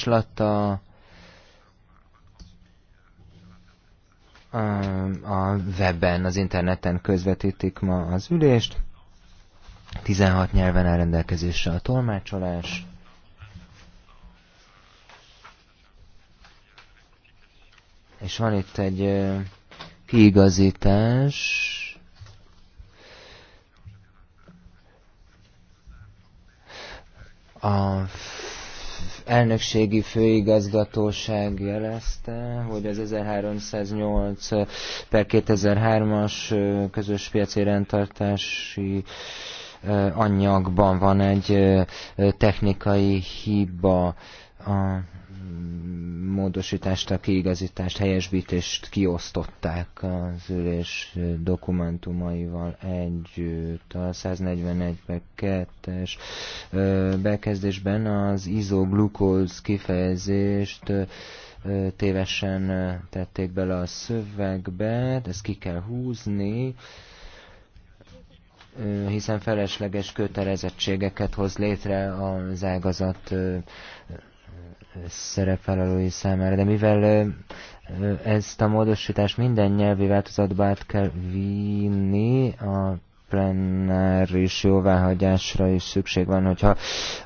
Slatta, a webben, az interneten közvetítik ma az ülést. 16 nyelven áll rendelkezésre a tolmácsolás. És van itt egy kiigazítás. A elnökségi főigazgatóság jelezte, hogy az 1308 per 2003-as közös piaci rendtartási anyagban van egy technikai hiba a módosítást, a kiigazítást, helyesbítést kiosztották az ülés dokumentumaival együtt. A 141 2-es bekezdésben az izoglukóz kifejezést tévesen tették bele a szövegbe, ezt ki kell húzni, hiszen felesleges kötelezettségeket hoz létre az ágazat szerepvállalói számára, de mivel ezt a módosítást minden nyelvi változatba át kell vinni, a plenáris jóváhagyásra is szükség van, hogyha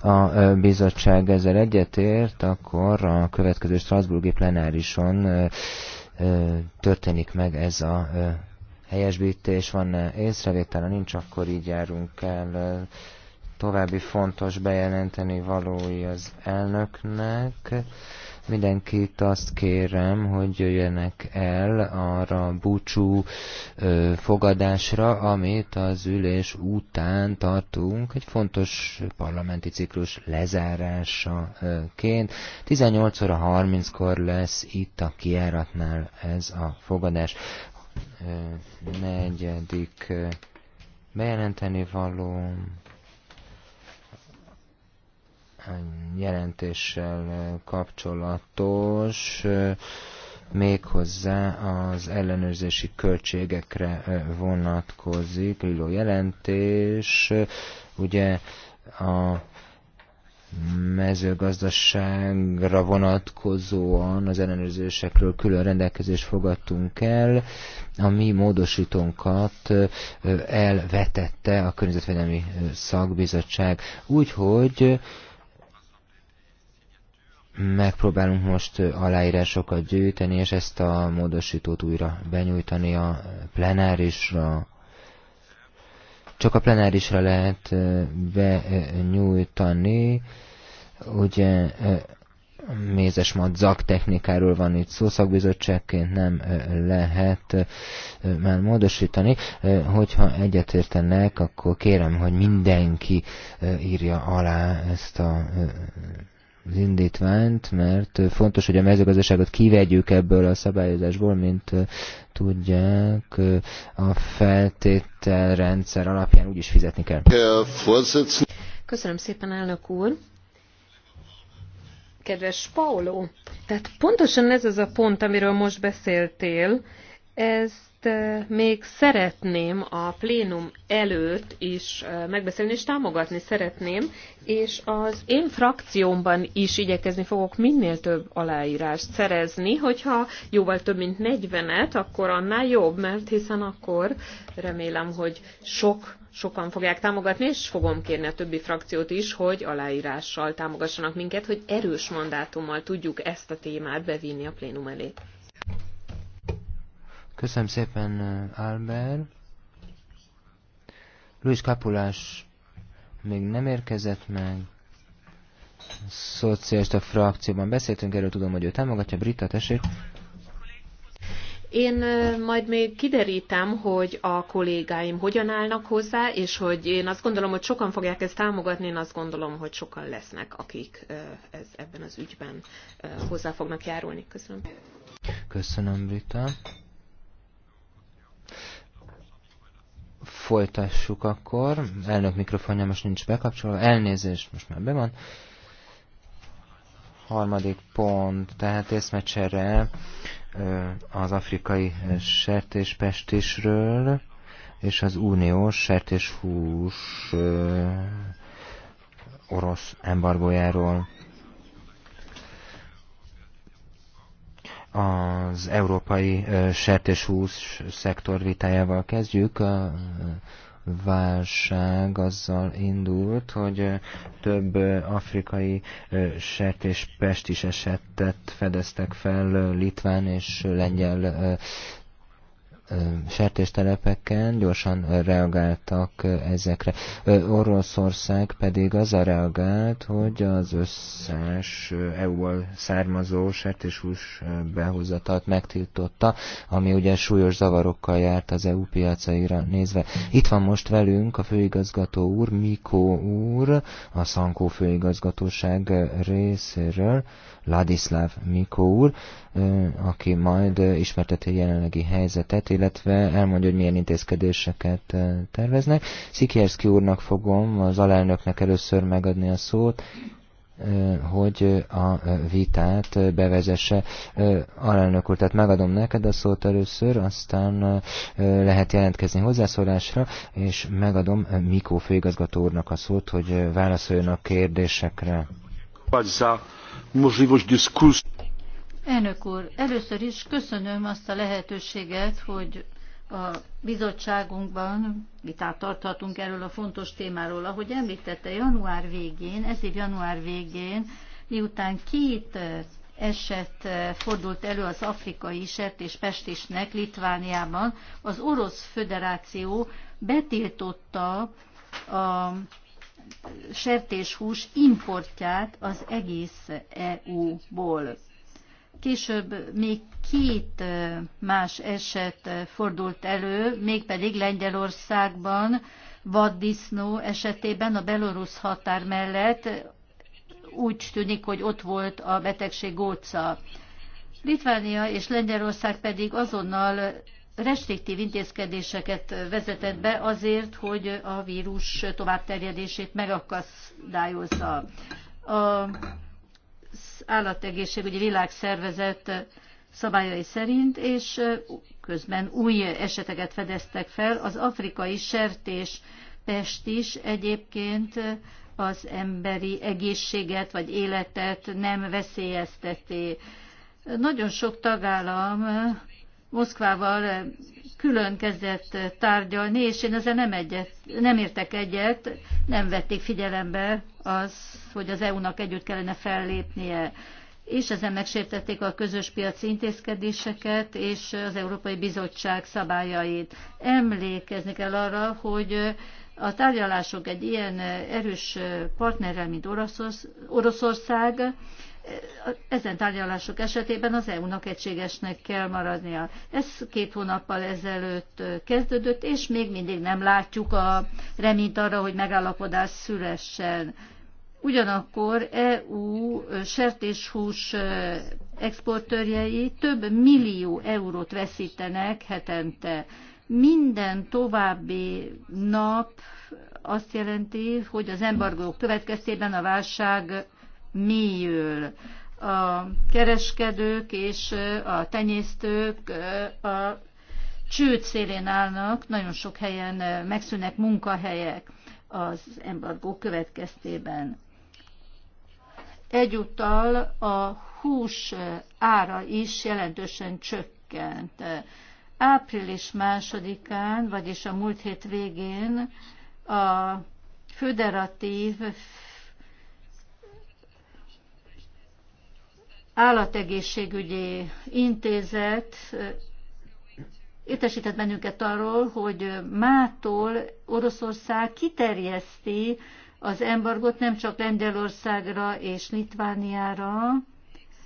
a bizottság ezzel egyetért, akkor a következő Strasburgi plenárison történik meg ez a helyesbítés, van észrevétele, nincs, akkor így járunk el további fontos bejelenteni valói az elnöknek. Mindenkit azt kérem, hogy jöjjenek el arra a búcsú ö, fogadásra, amit az ülés után tartunk, egy fontos parlamenti ciklus lezárásaként. 18 óra 30-kor lesz itt a kiáratnál ez a fogadás. Ö, negyedik bejelenteni való jelentéssel kapcsolatos, méghozzá az ellenőrzési költségekre vonatkozik. Lilo jelentés, ugye a mezőgazdaságra vonatkozóan az ellenőrzésekről külön rendelkezést fogadtunk el. A mi módosítónkat elvetette a Környezetvédelmi Szakbizottság. Úgyhogy Megpróbálunk most aláírásokat gyűjteni, és ezt a módosítót újra benyújtani a plenárisra. Csak a plenárisra lehet benyújtani, ugye mézes madzak technikáról van itt szó, nem lehet már módosítani. Hogyha egyetértenek, akkor kérem, hogy mindenki írja alá ezt a az indítványt, mert fontos, hogy a mezőgazdaságot kivegyük ebből a szabályozásból, mint tudják, a feltételrendszer alapján úgyis fizetni kell. Köszönöm szépen, elnök úr! Kedves Paolo, tehát pontosan ez az a pont, amiről most beszéltél, ezt még szeretném a plénum előtt is megbeszélni, és támogatni szeretném, és az én frakciómban is igyekezni fogok minél több aláírást szerezni, hogyha jóval több mint 40-et, akkor annál jobb, mert hiszen akkor remélem, hogy sok sokan fogják támogatni, és fogom kérni a többi frakciót is, hogy aláírással támogassanak minket, hogy erős mandátummal tudjuk ezt a témát bevinni a plénum elé. Köszönöm szépen, uh, Albert. Luis Kapulás még nem érkezett meg. A szocialista frakcióban beszéltünk, erről tudom, hogy ő támogatja. Brita, tessék. Én uh, majd még kiderítem, hogy a kollégáim hogyan állnak hozzá, és hogy én azt gondolom, hogy sokan fogják ezt támogatni, én azt gondolom, hogy sokan lesznek, akik uh, ez, ebben az ügyben hozzá fognak járulni. Köszönöm. Köszönöm, Brita. Folytassuk akkor. Elnök mikrofonja most nincs bekapcsolva. Elnézést, most már be van. Harmadik pont, tehát észmecsere az afrikai sertéspestisről és az uniós sertéshús orosz embargójáról. az európai sertéshús szektor vitájával kezdjük. A válság azzal indult, hogy több afrikai is esetet fedeztek fel Litván és Lengyel sertéstelepeken, gyorsan reagáltak ezekre. Oroszország pedig a reagált, hogy az összes EU-val származó sertéshús behozatat megtiltotta, ami ugye súlyos zavarokkal járt az EU piacaira nézve. Itt van most velünk a főigazgató úr, Mikó úr, a Szankó főigazgatóság részéről, Ladislav Mikó úr, aki majd ismerteti jelenlegi helyzetet, illetve elmondja, hogy milyen intézkedéseket eh, terveznek. Szikierszki úrnak fogom az alelnöknek először megadni a szót, eh, hogy a vitát eh, bevezesse. Alelnök úr, tehát megadom neked a szót először, aztán lehet jelentkezni hozzászólásra, és megadom Mikó főigazgató úrnak a szót, hogy válaszoljon a kérdésekre. Elnök úr, először is köszönöm azt a lehetőséget, hogy a bizottságunkban vitát tarthatunk erről a fontos témáról. Ahogy említette, január végén, ez év január végén, miután két eset fordult elő az afrikai sert és pestisnek Litvániában, az Orosz Föderáció betiltotta a sertéshús importját az egész EU-ból. Később még két más eset fordult elő, mégpedig Lengyelországban, vaddisznó esetében a belorusz határ mellett úgy tűnik, hogy ott volt a betegség góca. Litvánia és Lengyelország pedig azonnal restriktív intézkedéseket vezetett be azért, hogy a vírus továbbterjedését megakasztályozza. A állategészségügyi világszervezet szabályai szerint, és közben új eseteket fedeztek fel. Az afrikai sertés pest is egyébként az emberi egészséget vagy életet nem veszélyezteti. Nagyon sok tagállam Moszkvával külön kezdett tárgyalni, és én ezzel nem, egyet, nem értek egyet, nem vették figyelembe az, hogy az EU-nak együtt kellene fellépnie és ezen megsértették a közös piaci intézkedéseket és az Európai Bizottság szabályait. Emlékezni kell arra, hogy a tárgyalások egy ilyen erős partnerrel, mint Oroszország, ezen tárgyalások esetében az EU-nak egységesnek kell maradnia. Ez két hónappal ezelőtt kezdődött, és még mindig nem látjuk a reményt arra, hogy megállapodás szülessen Ugyanakkor EU sertéshús exportőrjei több millió eurót veszítenek hetente. Minden további nap azt jelenti, hogy az embargók következtében a válság mélyül. A kereskedők és a tenyésztők a csőd szélén állnak, nagyon sok helyen megszűnek munkahelyek az embargó következtében egyúttal a hús ára is jelentősen csökkent. Április másodikán, vagyis a múlt hét végén a föderatív állategészségügyi intézet értesített bennünket arról, hogy mától Oroszország kiterjeszti az embargot nem csak Lengyelországra és Litvániára,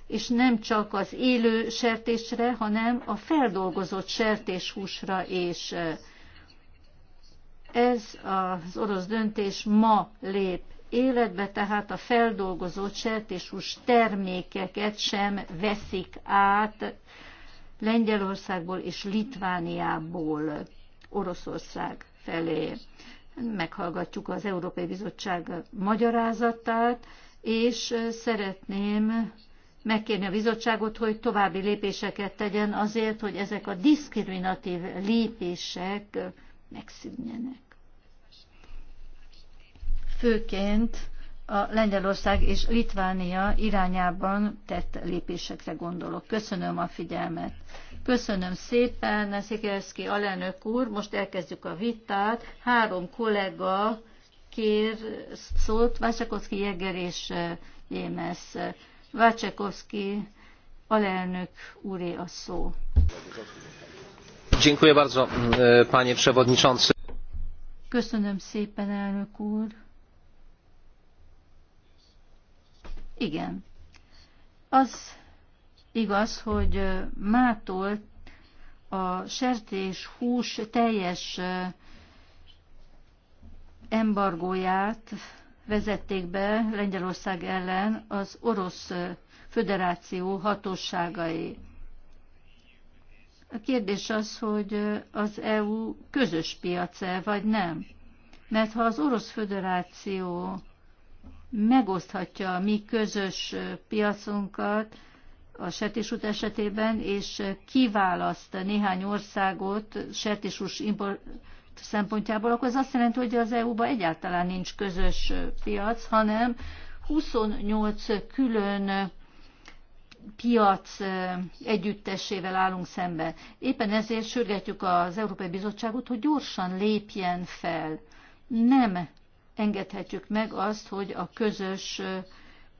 és nem csak az élő sertésre, hanem a feldolgozott sertéshúsra és Ez az orosz döntés ma lép életbe, tehát a feldolgozott sertéshús termékeket sem veszik át Lengyelországból és Litvániából Oroszország felé meghallgatjuk az Európai Bizottság magyarázatát, és szeretném megkérni a bizottságot, hogy további lépéseket tegyen azért, hogy ezek a diszkriminatív lépések megszűnjenek. Főként a Lengyelország és Litvánia irányában tett lépésekre gondolok. Köszönöm a figyelmet. Köszönöm szépen, Szikerszki alelnök úr. Most elkezdjük a vitát. Három kollega kér szót, Vácsakovszki Jeger és eh, Jémesz. Vácsakovszki alelnök úré a szó. Dziękuję bardzo, mm, e, panie przewodniczący. Köszönöm szépen, elnök úr. Igen. Az igaz, hogy mától a sertés hús teljes embargóját vezették be Lengyelország ellen az Orosz Föderáció hatóságai. A kérdés az, hogy az EU közös piace, vagy nem. Mert ha az Orosz Föderáció megoszthatja a mi közös piacunkat, a sertésút esetében, és kiválaszt néhány országot sertésús import szempontjából, akkor ez azt jelenti, hogy az EU-ban egyáltalán nincs közös piac, hanem 28 külön piac együttesével állunk szembe. Éppen ezért sürgetjük az Európai Bizottságot, hogy gyorsan lépjen fel. Nem engedhetjük meg azt, hogy a közös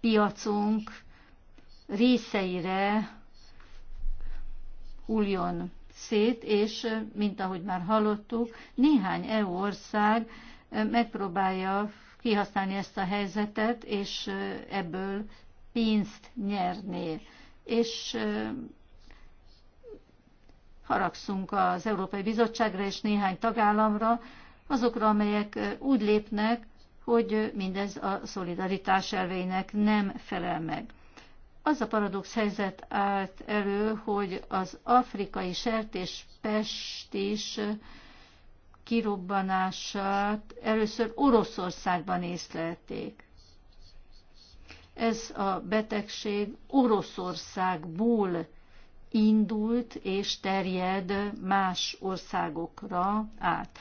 piacunk részeire hulljon szét, és mint ahogy már hallottuk, néhány EU ország eh, megpróbálja kihasználni ezt a helyzetet, és eh, ebből pénzt nyerni. És eh, haragszunk az Európai Bizottságra és néhány tagállamra, azokra, amelyek úgy lépnek, hogy mindez a szolidaritás elveinek nem felel meg az a paradox helyzet állt elő, hogy az afrikai sertéspest is kirobbanását először Oroszországban észlelték. Ez a betegség Oroszországból indult és terjed más országokra át.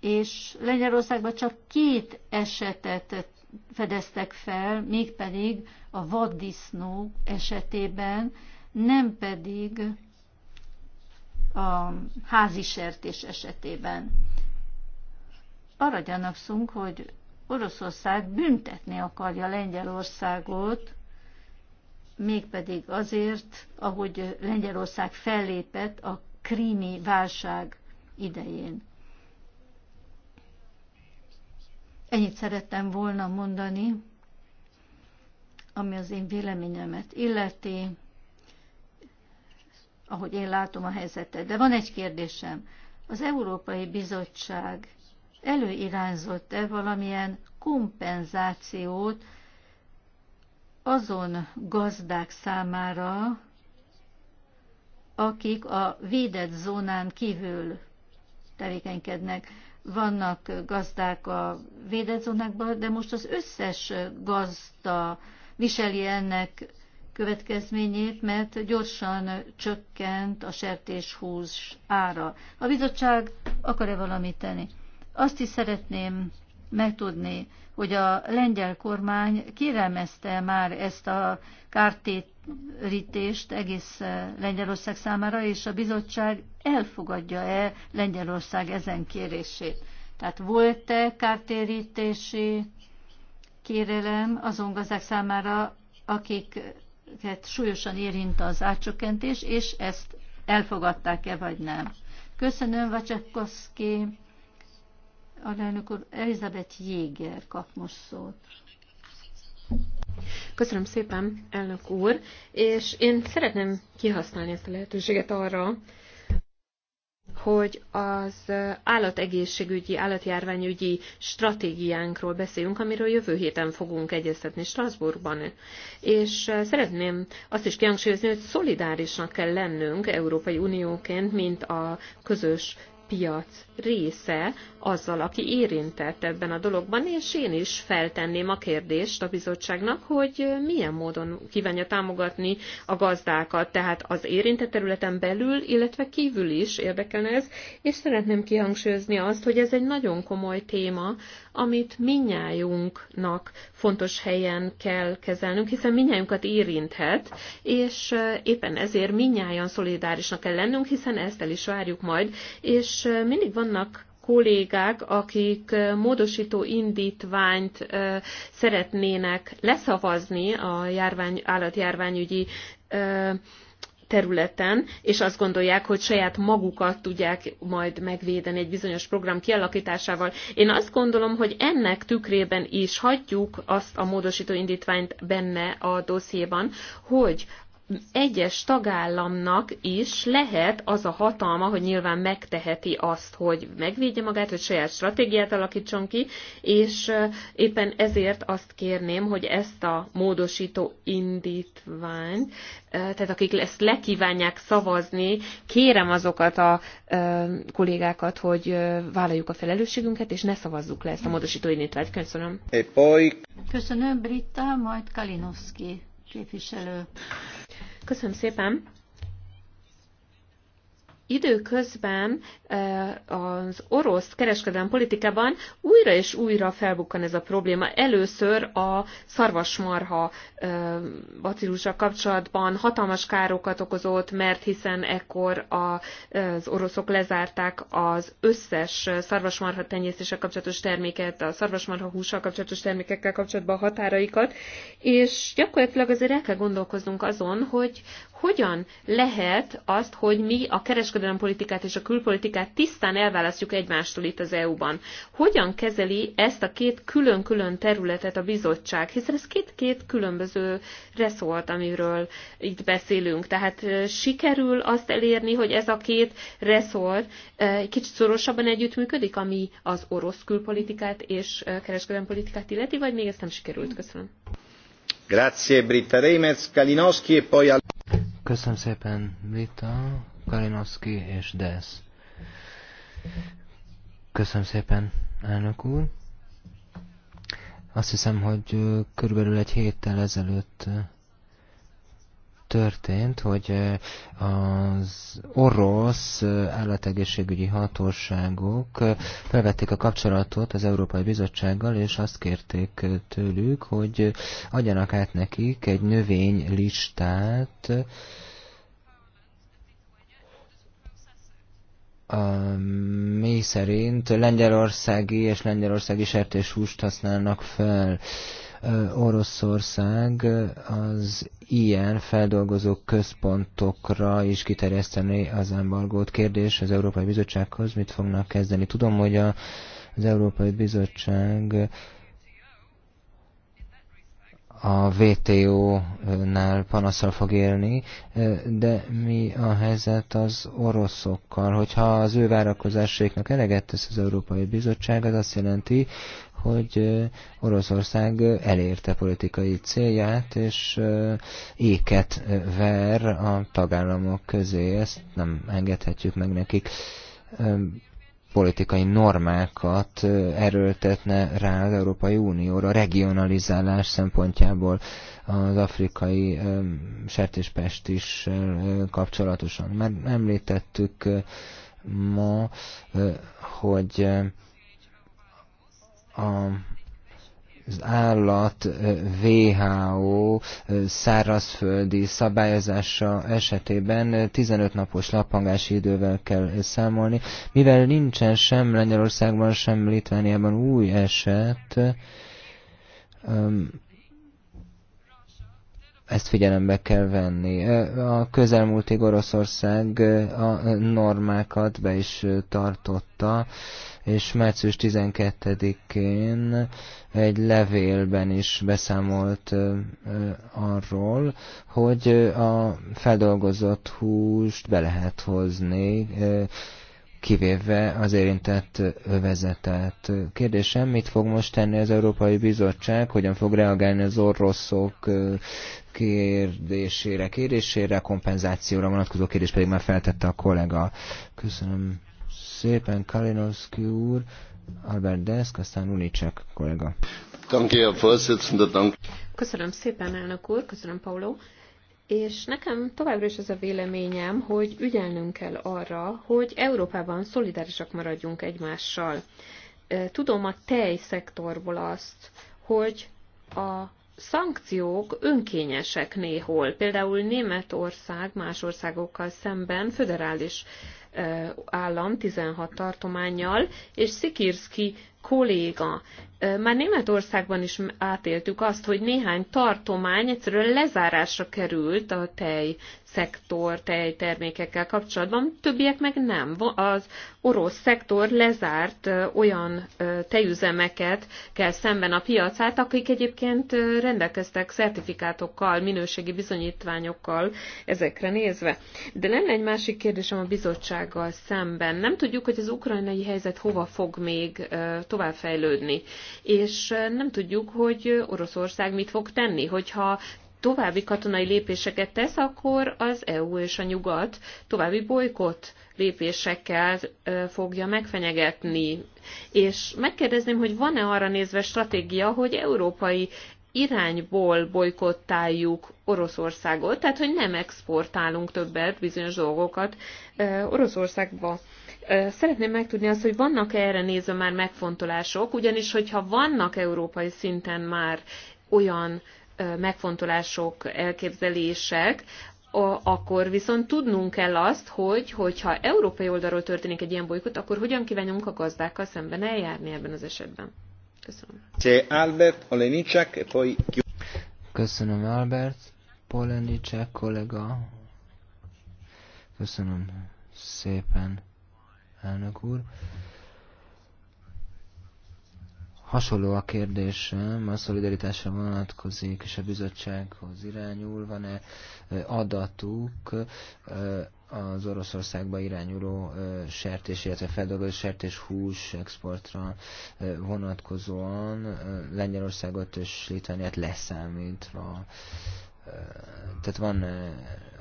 És Lengyelországban csak két esetet fedeztek fel, mégpedig a vaddisznó esetében, nem pedig a házi sertés esetében. Arra gyanakszunk, hogy Oroszország büntetni akarja Lengyelországot, mégpedig azért, ahogy Lengyelország fellépett a krími válság idején. Ennyit szerettem volna mondani, ami az én véleményemet illeti, ahogy én látom a helyzetet. De van egy kérdésem. Az Európai Bizottság előirányzott-e valamilyen kompenzációt azon gazdák számára, akik a védett zónán kívül tevékenykednek vannak gazdák a védett zónákban, de most az összes gazda viseli ennek következményét, mert gyorsan csökkent a sertéshús ára. A bizottság akar-e valamit tenni? Azt is szeretném megtudni, hogy a lengyel kormány kérelmezte már ezt a kártét megközelítést egész eh, Lengyelország számára, és a bizottság elfogadja-e Lengyelország ezen kérését. Tehát volt-e kártérítési kérelem azon gazdák számára, akiket súlyosan érint az átcsökkentés, és ezt elfogadták-e vagy nem. Köszönöm, Vacsekoszki. Alelnök úr, Elizabeth Jéger kap most szót. Köszönöm szépen, elnök úr, és én szeretném kihasználni ezt a lehetőséget arra, hogy az állategészségügyi, állatjárványügyi stratégiánkról beszéljünk, amiről jövő héten fogunk egyeztetni Strasbourgban. És eh, szeretném azt is kihangsúlyozni, hogy szolidárisnak kell lennünk Európai Unióként, mint a közös piac része azzal, aki érintett ebben a dologban, és én is feltenném a kérdést a bizottságnak, hogy milyen módon kívánja támogatni a gazdákat, tehát az érintett területen belül, illetve kívül is érdekelne ez, és szeretném kihangsúlyozni azt, hogy ez egy nagyon komoly téma, amit minnyájunknak fontos helyen kell kezelnünk, hiszen minnyájunkat érinthet, és éppen ezért minnyáján szolidárisnak kell lennünk, hiszen ezt el is várjuk majd, és mindig vannak kollégák, akik módosító indítványt szeretnének leszavazni a járvány, állatjárványügyi területen, és azt gondolják, hogy saját magukat tudják majd megvédeni egy bizonyos program kialakításával. Én azt gondolom, hogy ennek tükrében is hagyjuk azt a módosító indítványt benne a dossziéban, hogy egyes tagállamnak is lehet az a hatalma, hogy nyilván megteheti azt, hogy megvédje magát, hogy saját stratégiát alakítson ki, és éppen ezért azt kérném, hogy ezt a módosító indítványt, tehát akik ezt lekívánják szavazni, kérem azokat a kollégákat, hogy vállaljuk a felelősségünket, és ne szavazzuk le ezt a módosító indítványt. Köszönöm. E Köszönöm, Britta, majd Kalinowski képviselő. Köszönöm szépen időközben az orosz kereskedelmi politikában újra és újra felbukkan ez a probléma. Először a szarvasmarha bacillusa kapcsolatban hatalmas károkat okozott, mert hiszen ekkor az oroszok lezárták az összes szarvasmarha tenyésztéssel kapcsolatos terméket, a szarvasmarha hússal kapcsolatos termékekkel kapcsolatban a határaikat, és gyakorlatilag azért el kell gondolkoznunk azon, hogy, hogyan lehet azt, hogy mi a kereskedelempolitikát és a külpolitikát tisztán elválasztjuk egymástól itt az EU-ban. Hogyan kezeli ezt a két külön-külön területet a bizottság, hiszen ez két-két különböző reszolt, amiről itt beszélünk. Tehát sikerül azt elérni, hogy ez a két reszolt egy kicsit szorosabban együttműködik, ami az orosz külpolitikát és kereskedelempolitikát illeti, vagy még ezt nem sikerült? Köszönöm. Grazie Britta Reimers, Kalinowski e poi... Köszönöm szépen, Vita, Kalinowski és Desz. Köszönöm szépen, elnök úr. Azt hiszem, hogy körülbelül egy héttel ezelőtt történt, hogy az orosz állategészségügyi hatóságok felvették a kapcsolatot az Európai Bizottsággal, és azt kérték tőlük, hogy adjanak át nekik egy növénylistát, mi szerint lengyelországi és lengyelországi sertéshúst használnak fel Oroszország az ilyen feldolgozó központokra is kiterjeszteni az embargót. Kérdés az Európai Bizottsághoz, mit fognak kezdeni? Tudom, hogy a, az Európai Bizottság a VTO-nál panaszsal fog élni, de mi a helyzet az oroszokkal? Hogyha az ő várakozásaiknak eleget tesz az Európai Bizottság, az azt jelenti, hogy Oroszország elérte politikai célját, és éket ver a tagállamok közé. Ezt nem engedhetjük meg nekik politikai normákat erőltetne rá az Európai Unióra a regionalizálás szempontjából az afrikai sertéspest is kapcsolatosan. Mert említettük ma, hogy a az állat WHO szárazföldi szabályozása esetében 15 napos lappangási idővel kell számolni. Mivel nincsen sem Lengyelországban, sem Litvániában új eset, ezt figyelembe kell venni. A közelmúltig Oroszország a normákat be is tartotta, és március 12-én egy levélben is beszámolt arról, hogy a feldolgozott húst be lehet hozni kivéve az érintett övezetet. Kérdésem, mit fog most tenni az Európai Bizottság, hogyan fog reagálni az orroszok kérdésére, kérdésére, kompenzációra vonatkozó kérdés pedig már feltette a kollega. Köszönöm szépen, Kalinowski úr, Albert Desk, aztán Unicek kollega. Köszönöm szépen, elnök úr, köszönöm, Paulo és nekem továbbra is az a véleményem, hogy ügyelnünk kell arra, hogy Európában szolidárisak maradjunk egymással. Tudom a szektorból azt, hogy a szankciók önkényesek néhol. Például Németország más országokkal szemben föderális állam 16 tartományjal, és Szikirszki kolléga. Már Németországban is átéltük azt, hogy néhány tartomány egyszerűen lezárásra került a tej szektor tejtermékekkel kapcsolatban, többiek meg nem. Az orosz szektor lezárt olyan tejüzemeket kell szemben a piacát, akik egyébként rendelkeztek szertifikátokkal, minőségi bizonyítványokkal ezekre nézve. De lenne egy másik kérdésem a bizottsággal szemben. Nem tudjuk, hogy az ukrajnai helyzet hova fog még továbbfejlődni, és nem tudjuk, hogy Oroszország mit fog tenni, hogyha további katonai lépéseket tesz, akkor az EU és a nyugat további bolykott lépésekkel fogja megfenyegetni. És megkérdezném, hogy van-e arra nézve stratégia, hogy európai irányból bolykottáljuk Oroszországot, tehát hogy nem exportálunk többet bizonyos dolgokat Oroszországba. Szeretném megtudni azt, hogy vannak-e erre nézve már megfontolások, ugyanis hogyha vannak európai szinten már olyan megfontolások, elképzelések, akkor viszont tudnunk kell azt, hogy hogyha európai oldalról történik egy ilyen bolygót, akkor hogyan kívánunk a gazdákkal szemben eljárni ebben az esetben. Köszönöm. Albert Olenicek, Köszönöm Albert, Polenicek kollega. Köszönöm szépen, elnök úr. Hasonló a kérdésem, a szolidaritásra vonatkozik, és a bizottsághoz irányul, van-e adatuk az Oroszországba irányuló sertés, illetve feldolgozó sertés hús exportra vonatkozóan Lengyelországot és Litvániát leszámítva tehát van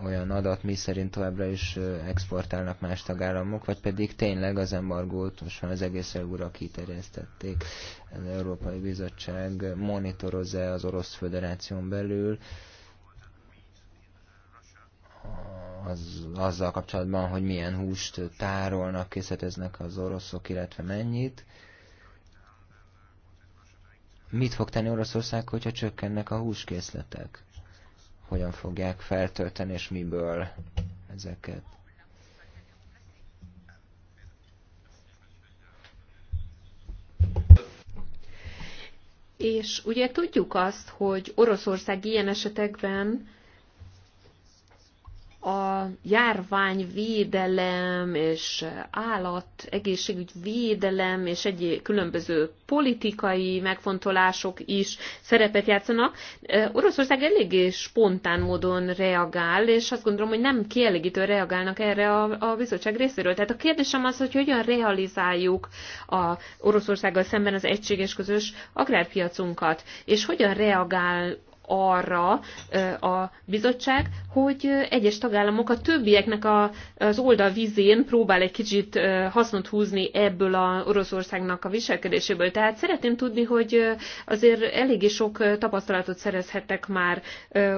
olyan adat, mi szerint továbbra is exportálnak más tagállamok, vagy pedig tényleg az embargót most már az egész EU-ra kiterjesztették. Az Európai Bizottság monitorozza az Orosz Föderáción belül az, azzal kapcsolatban, hogy milyen húst tárolnak, készleteznek az oroszok, illetve mennyit. Mit fog tenni Oroszország, hogyha csökkennek a húskészletek? hogyan fogják feltölteni, és miből ezeket. És ugye tudjuk azt, hogy Oroszország ilyen esetekben a járványvédelem és állat egészségügy védelem és egy különböző politikai megfontolások is szerepet játszanak. Oroszország eléggé spontán módon reagál, és azt gondolom, hogy nem kielégítő reagálnak erre a, a bizottság részéről. Tehát a kérdésem az, hogy hogyan realizáljuk a Oroszországgal szemben az egységes közös agrárpiacunkat, és hogyan reagál arra a bizottság, hogy egyes tagállamok a többieknek a, az oldal vízén próbál egy kicsit hasznot húzni ebből a Oroszországnak a viselkedéséből. Tehát szeretném tudni, hogy azért eléggé sok tapasztalatot szerezhettek már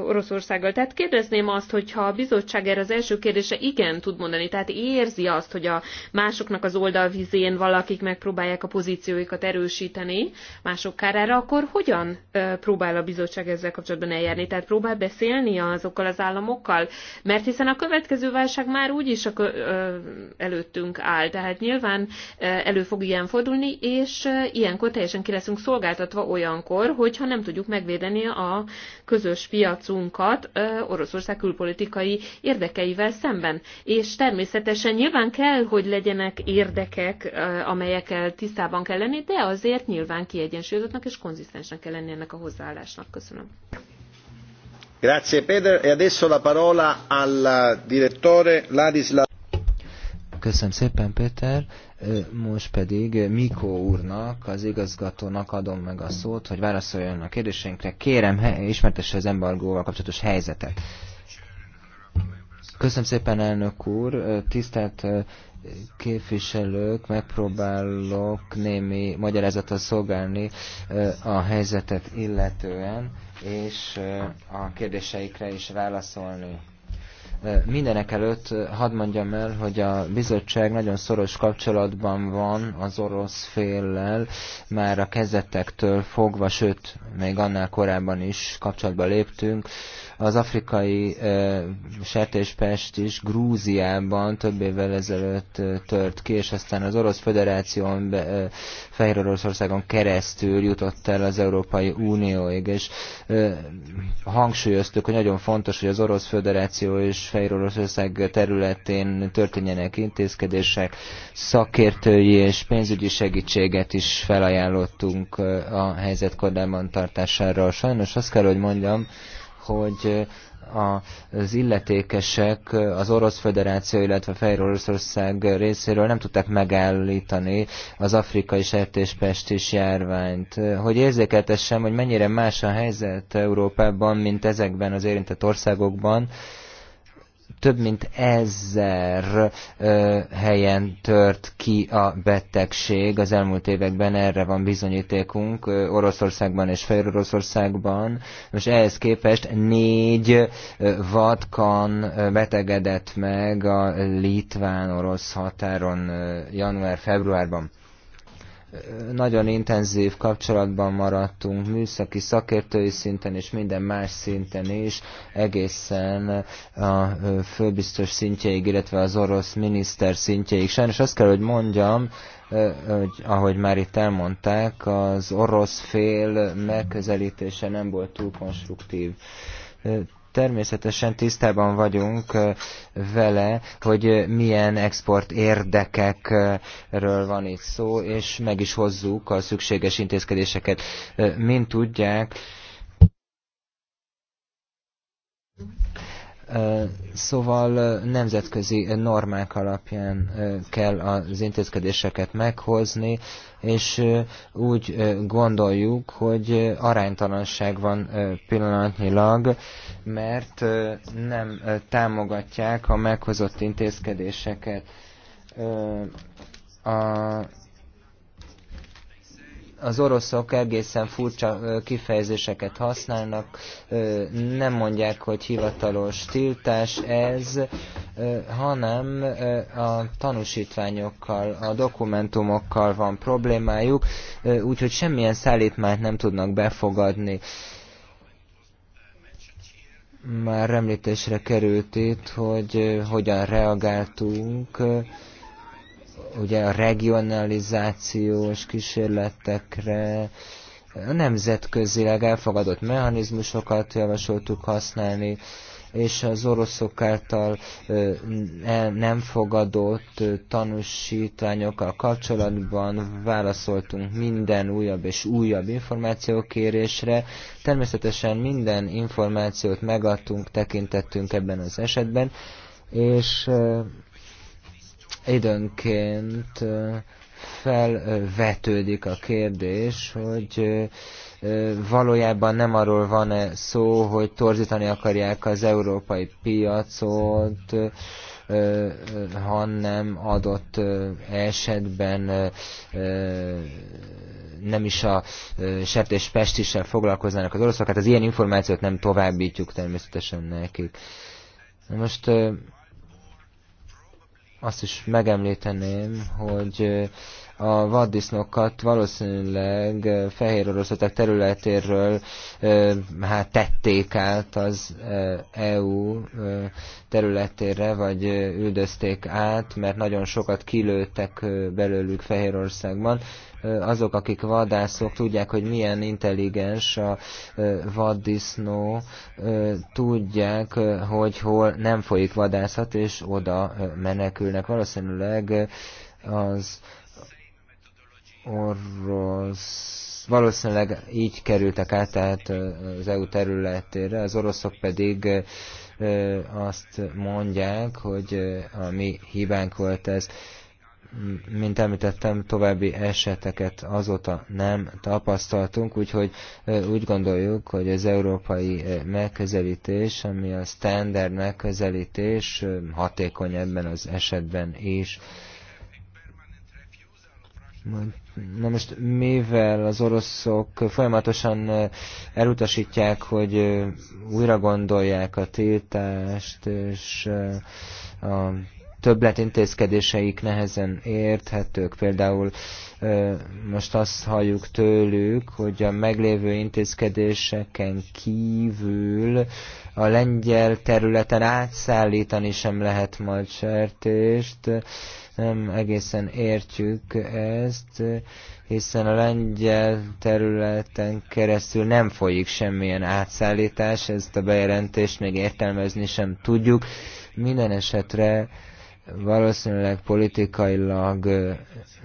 Oroszországgal. Tehát kérdezném azt, hogyha a bizottság erre az első kérdése igen tud mondani, tehát érzi azt, hogy a másoknak az oldal vízén valakik megpróbálják a pozícióikat erősíteni mások kárára, akkor hogyan próbál a bizottság ezzel kapcsolatban eljárni. Tehát próbál beszélni azokkal az államokkal, mert hiszen a következő válság már úgyis a előttünk áll. Tehát nyilván elő fog ilyen fordulni, és ilyenkor teljesen ki leszünk szolgáltatva olyankor, hogyha nem tudjuk megvédeni a közös piacunkat Oroszország külpolitikai érdekeivel szemben. És természetesen nyilván kell, hogy legyenek érdekek, amelyekkel tisztában kell lenni, de azért nyilván kiegyensúlyozottnak és konzisztensnek kell lenni ennek a hozzáállásnak. Köszönöm. E Köszönöm szépen, Péter. Most pedig Mikó úrnak, az igazgatónak adom meg a szót, hogy válaszoljon a kérdéseinkre. Kérem, ismertesse az embargóval kapcsolatos helyzetet. Köszönöm szépen, elnök úr. Tisztelt képviselők, megpróbálok némi magyarázatot szolgálni a helyzetet illetően és a kérdéseikre is válaszolni. Mindenek előtt hadd mondjam el, hogy a bizottság nagyon szoros kapcsolatban van az orosz féllel, már a kezetektől fogva, sőt, még annál korábban is kapcsolatba léptünk. Az afrikai sertéspest is Grúziában több évvel ezelőtt tört ki, és aztán az Orosz Föderáción, Fehér Oroszországon keresztül jutott el az Európai Unióig, és hangsúlyoztuk, hogy nagyon fontos, hogy az Orosz Föderáció és Fehér Oroszország területén történjenek intézkedések, szakértői és pénzügyi segítséget is felajánlottunk a helyzet kordában tartására. Sajnos azt kell, hogy mondjam, hogy az illetékesek az Orosz Föderáció, illetve Fehér Oroszország részéről nem tudták megállítani az afrikai sertéspestis járványt. Hogy érzékeltessem, hogy mennyire más a helyzet Európában, mint ezekben az érintett országokban, több mint ezer helyen tört ki a betegség. Az elmúlt években erre van bizonyítékunk Oroszországban és Fehér-Oroszországban. Most ehhez képest négy vadkan betegedett meg a litván-orosz határon január-februárban nagyon intenzív kapcsolatban maradtunk műszaki szakértői szinten és minden más szinten is, egészen a főbiztos szintjeig, illetve az orosz miniszter szintjeig. Sajnos azt kell, hogy mondjam, hogy ahogy már itt elmondták, az orosz fél megközelítése nem volt túl konstruktív. Természetesen tisztában vagyunk vele, hogy milyen export érdekekről van itt szó, és meg is hozzuk a szükséges intézkedéseket. Mint tudják, Szóval nemzetközi normák alapján kell az intézkedéseket meghozni, és úgy gondoljuk, hogy aránytalanság van pillanatnyilag, mert nem támogatják a meghozott intézkedéseket. A az oroszok egészen furcsa kifejezéseket használnak, nem mondják, hogy hivatalos tiltás ez, hanem a tanúsítványokkal, a dokumentumokkal van problémájuk, úgyhogy semmilyen szállítmányt nem tudnak befogadni. Már említésre került itt, hogy hogyan reagáltunk, ugye a regionalizációs kísérletekre, a nemzetközileg elfogadott mechanizmusokat javasoltuk használni, és az oroszok által nem fogadott tanúsítványokkal kapcsolatban válaszoltunk minden újabb és újabb információkérésre. Természetesen minden információt megadtunk, tekintettünk ebben az esetben, és Időnként felvetődik a kérdés, hogy valójában nem arról van-e szó, hogy torzítani akarják az európai piacot, hanem adott esetben nem is a sertés pestissel foglalkoznának az oroszok, hát az ilyen információt nem továbbítjuk természetesen nekik. Most azt is megemlíteném, hogy a vaddisznokat valószínűleg Fehér oroszatok területéről hát tették át az EU területére, vagy üldözték át, mert nagyon sokat kilőttek belőlük Fehérországban. Azok, akik vadászok, tudják, hogy milyen intelligens a vaddisznó, tudják, hogy hol nem folyik vadászat, és oda menekülnek. Valószínűleg az orosz, valószínűleg így kerültek át tehát az EU területére, az oroszok pedig azt mondják, hogy a mi hibánk volt ez. Mint említettem, további eseteket azóta nem tapasztaltunk, úgyhogy úgy gondoljuk, hogy az európai megközelítés, ami a standard megközelítés hatékony ebben az esetben is. Majd Na most mivel az oroszok folyamatosan elutasítják, hogy újra gondolják a tiltást, és a többlet intézkedéseik nehezen érthetők. Például most azt halljuk tőlük, hogy a meglévő intézkedéseken kívül a lengyel területen átszállítani sem lehet majd sertést, nem egészen értjük ezt, hiszen a lengyel területen keresztül nem folyik semmilyen átszállítás, ezt a bejelentést még értelmezni sem tudjuk. Minden esetre valószínűleg politikailag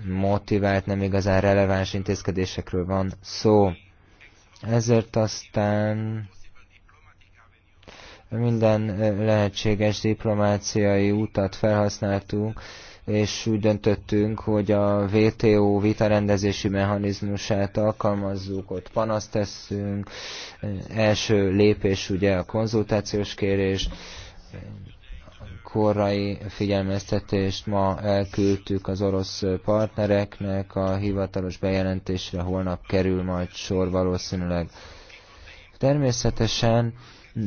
motivált, nem igazán releváns intézkedésekről van szó. Ezért aztán minden lehetséges diplomáciai utat felhasználtunk, és úgy döntöttünk, hogy a VTO vitarendezési mechanizmusát alkalmazzuk, ott panaszt teszünk, első lépés ugye a konzultációs kérés, korai figyelmeztetést ma elküldtük az orosz partnereknek, a hivatalos bejelentésre holnap kerül majd sor valószínűleg. Természetesen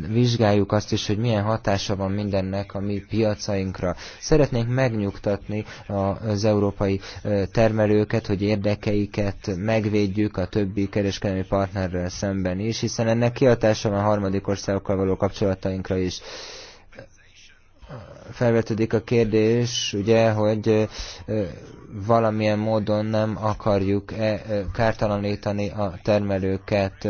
vizsgáljuk azt is, hogy milyen hatása van mindennek a mi piacainkra. Szeretnénk megnyugtatni az európai termelőket, hogy érdekeiket megvédjük a többi kereskedelmi partnerrel szemben is, hiszen ennek kihatása van a harmadik országokkal való kapcsolatainkra is felvetődik a kérdés, ugye, hogy valamilyen módon nem akarjuk -e kártalanítani a termelőket.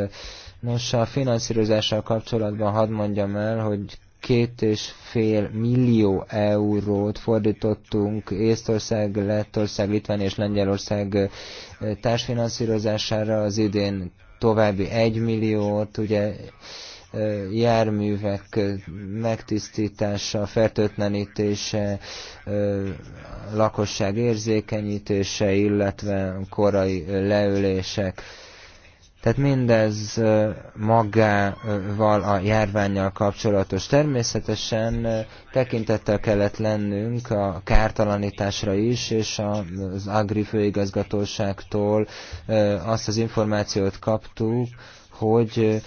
Nos, a finanszírozással kapcsolatban hadd mondjam el, hogy két és fél millió eurót fordítottunk Észtország, Lettország, Litván és Lengyelország társfinanszírozására az idén további egy milliót, ugye járművek megtisztítása, fertőtlenítése, lakosság érzékenyítése, illetve korai leülések tehát mindez magával a járványjal kapcsolatos. Természetesen tekintettel kellett lennünk a kártalanításra is, és az Agri főigazgatóságtól azt az információt kaptuk, hogy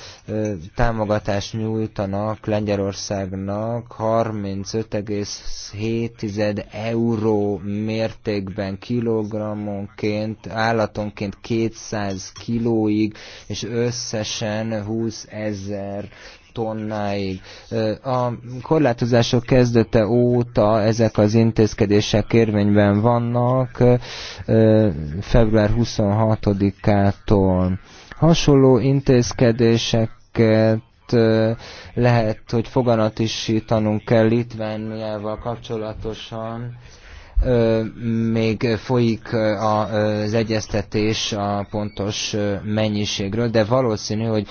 támogatást nyújtanak Lengyelországnak 35,7 euró mértékben kilogrammonként, állatonként 200 kilóig, és összesen 20 ezer tonnáig. A korlátozások kezdete óta ezek az intézkedések érvényben vannak február 26-ától. Hasonló intézkedéseket lehet, hogy is tanunk kell Litvániával kapcsolatosan. Még folyik az egyeztetés a pontos mennyiségről, de valószínű, hogy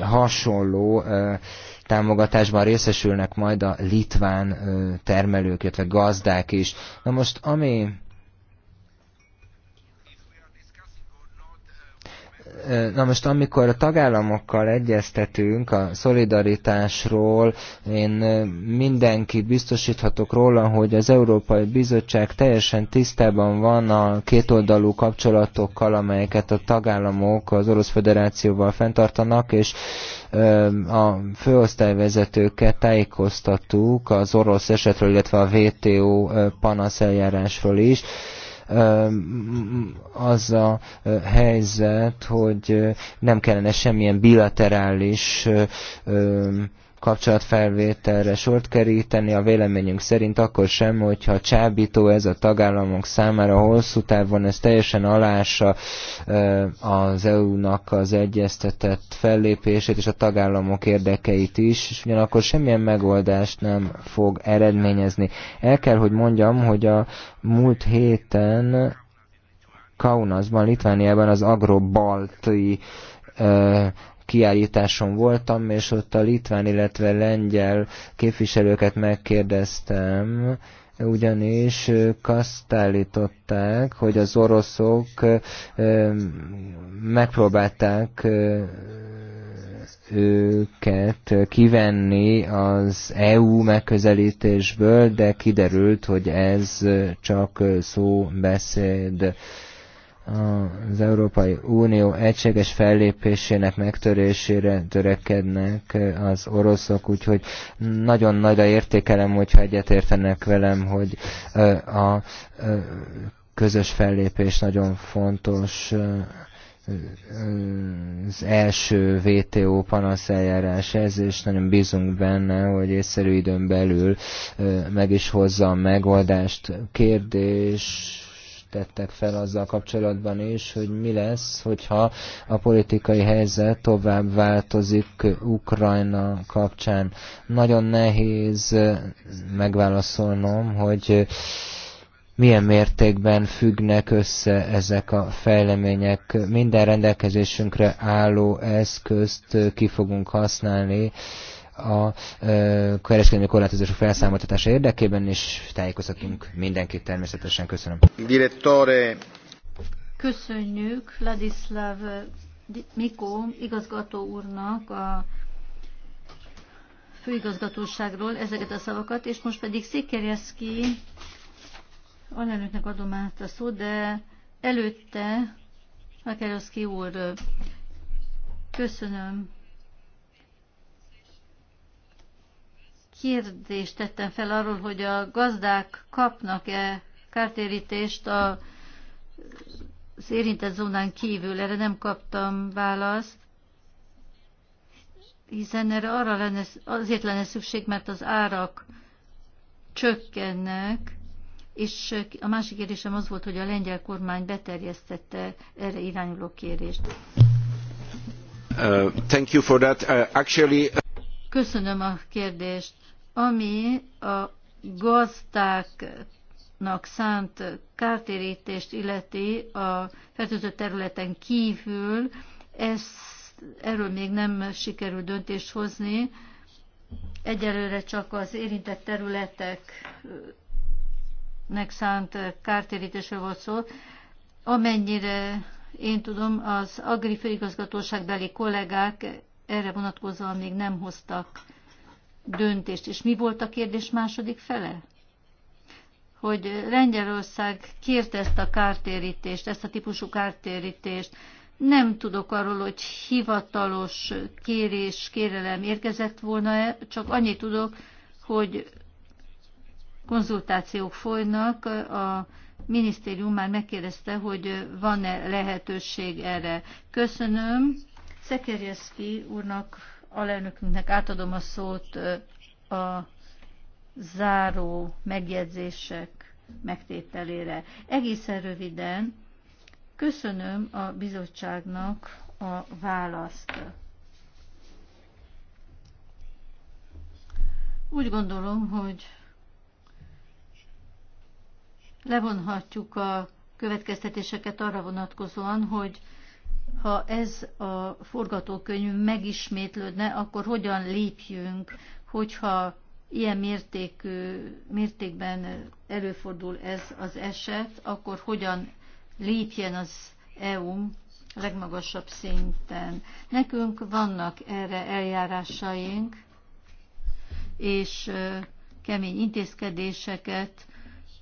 hasonló támogatásban részesülnek majd a litván termelők, illetve gazdák is. Na most, ami Na most, amikor a tagállamokkal egyeztetünk a szolidaritásról, én mindenki biztosíthatok róla, hogy az Európai Bizottság teljesen tisztában van a kétoldalú kapcsolatokkal, amelyeket a tagállamok az Orosz Föderációval fenntartanak, és a főosztályvezetőket tájékoztattuk az orosz esetről, illetve a WTO panaszeljárásról is az a helyzet, hogy nem kellene semmilyen bilaterális kapcsolatfelvételre sort keríteni, a véleményünk szerint akkor sem, hogyha csábító ez a tagállamok számára hosszú távon, ez teljesen alása az EU-nak az egyeztetett fellépését és a tagállamok érdekeit is, és ugyanakkor semmilyen megoldást nem fog eredményezni. El kell, hogy mondjam, hogy a múlt héten Kaunasban, Litvániában az agrobalti kiállításon voltam, és ott a litván, illetve lengyel képviselőket megkérdeztem, ugyanis ők azt állították, hogy az oroszok megpróbálták őket kivenni az EU megközelítésből, de kiderült, hogy ez csak szóbeszéd. beszéd az Európai Unió egységes fellépésének megtörésére törekednek az oroszok, úgyhogy nagyon nagyra értékelem, hogyha egyetértenek velem, hogy a közös fellépés nagyon fontos az első VTO panaszeljárás ez, és nagyon bízunk benne, hogy észszerű időn belül meg is hozza a megoldást. Kérdés tettek fel azzal kapcsolatban is, hogy mi lesz, hogyha a politikai helyzet tovább változik Ukrajna kapcsán. Nagyon nehéz eh, megválaszolnom, hogy eh, milyen mértékben függnek össze ezek a fejlemények. Minden rendelkezésünkre álló eszközt eh, ki fogunk használni, a e, kereskedelmi korlátozások felszámoltatása érdekében, és tájékoztatunk mindenkit természetesen. Köszönöm. Direttore. Köszönjük Vladislav Mikó igazgató úrnak a főigazgatóságról ezeket a szavakat, és most pedig Szikerjeszki alelnöknek adom át a szót, de előtte Szikerjeszki úr, köszönöm kérdést tettem fel arról, hogy a gazdák kapnak-e kártérítést a, az érintett zónán kívül. Erre nem kaptam választ, hiszen erre arra lenne, azért lenne szükség, mert az árak csökkennek, és a másik kérdésem az volt, hogy a lengyel kormány beterjesztette erre irányuló kérést. Uh, thank you for that. Uh, actually... Köszönöm a kérdést ami a gazdáknak szánt kártérítést illeti a fertőzött területen kívül, ezt, erről még nem sikerült döntést hozni. Egyelőre csak az érintett területeknek szánt kártérítésről volt szó. Amennyire én tudom, az Agri Főigazgatóság beli kollégák erre vonatkozóan még nem hoztak döntést. És mi volt a kérdés második fele? Hogy Lengyelország kérte ezt a kártérítést, ezt a típusú kártérítést. Nem tudok arról, hogy hivatalos kérés, kérelem érkezett volna-e, csak annyit tudok, hogy konzultációk folynak, a minisztérium már megkérdezte, hogy van-e lehetőség erre. Köszönöm Szekerjeszki úrnak alelnökünknek átadom a szót a záró megjegyzések megtételére. Egészen röviden köszönöm a bizottságnak a választ. Úgy gondolom, hogy levonhatjuk a következtetéseket arra vonatkozóan, hogy ha ez a forgatókönyv megismétlődne, akkor hogyan lépjünk, hogyha ilyen mértékű, mértékben előfordul ez az eset, akkor hogyan lépjen az EU legmagasabb szinten. Nekünk vannak erre eljárásaink, és kemény intézkedéseket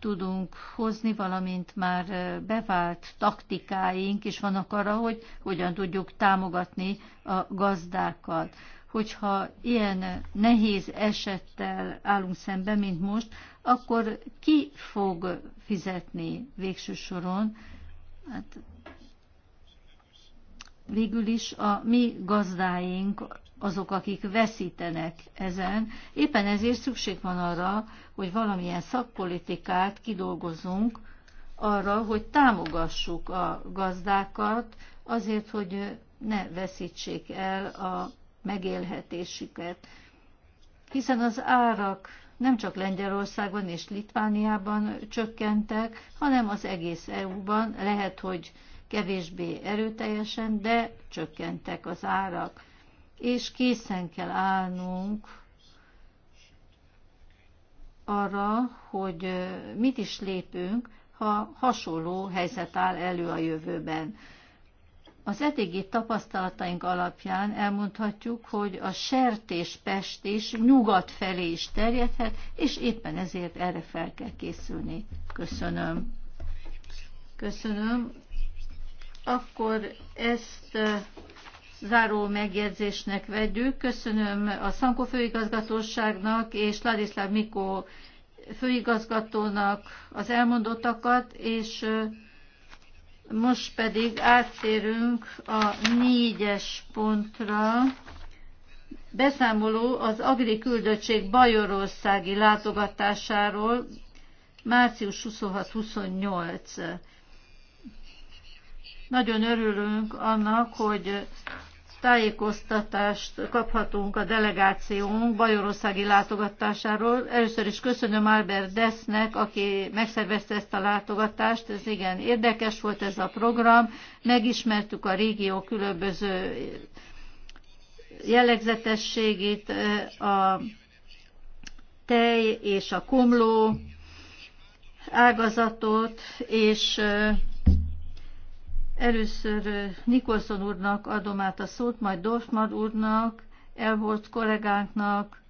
tudunk hozni, valamint már bevált taktikáink is vannak arra, hogy hogyan tudjuk támogatni a gazdákat. Hogyha ilyen nehéz esettel állunk szembe, mint most, akkor ki fog fizetni végső soron? Hát végül is a mi gazdáink azok, akik veszítenek ezen. Éppen ezért szükség van arra, hogy valamilyen szakpolitikát kidolgozunk arra, hogy támogassuk a gazdákat azért, hogy ne veszítsék el a megélhetésüket. Hiszen az árak nem csak Lengyelországban és Litvániában csökkentek, hanem az egész EU-ban. Lehet, hogy kevésbé erőteljesen, de csökkentek az árak, és készen kell állnunk arra, hogy mit is lépünk, ha hasonló helyzet áll elő a jövőben. Az eddigi tapasztalataink alapján elmondhatjuk, hogy a sertéspest is nyugat felé is terjedhet, és éppen ezért erre fel kell készülni. Köszönöm. Köszönöm. Akkor ezt záró megjegyzésnek vegyük. Köszönöm a Szankó főigazgatóságnak és Ladislav Mikó főigazgatónak az elmondottakat, és most pedig áttérünk a négyes pontra. Beszámoló az Agri küldöttség Bajorországi látogatásáról március 26-28 nagyon örülünk annak, hogy tájékoztatást kaphatunk a delegációnk bajorországi látogatásáról. Először is köszönöm Albert Desznek, aki megszervezte ezt a látogatást. Ez igen érdekes volt ez a program. Megismertük a régió különböző jellegzetességét, eh, a tej és a komló ágazatot, és eh, Először Nikolson úrnak adom át a szót, majd Dorfman úrnak, elvolt kollégánknak,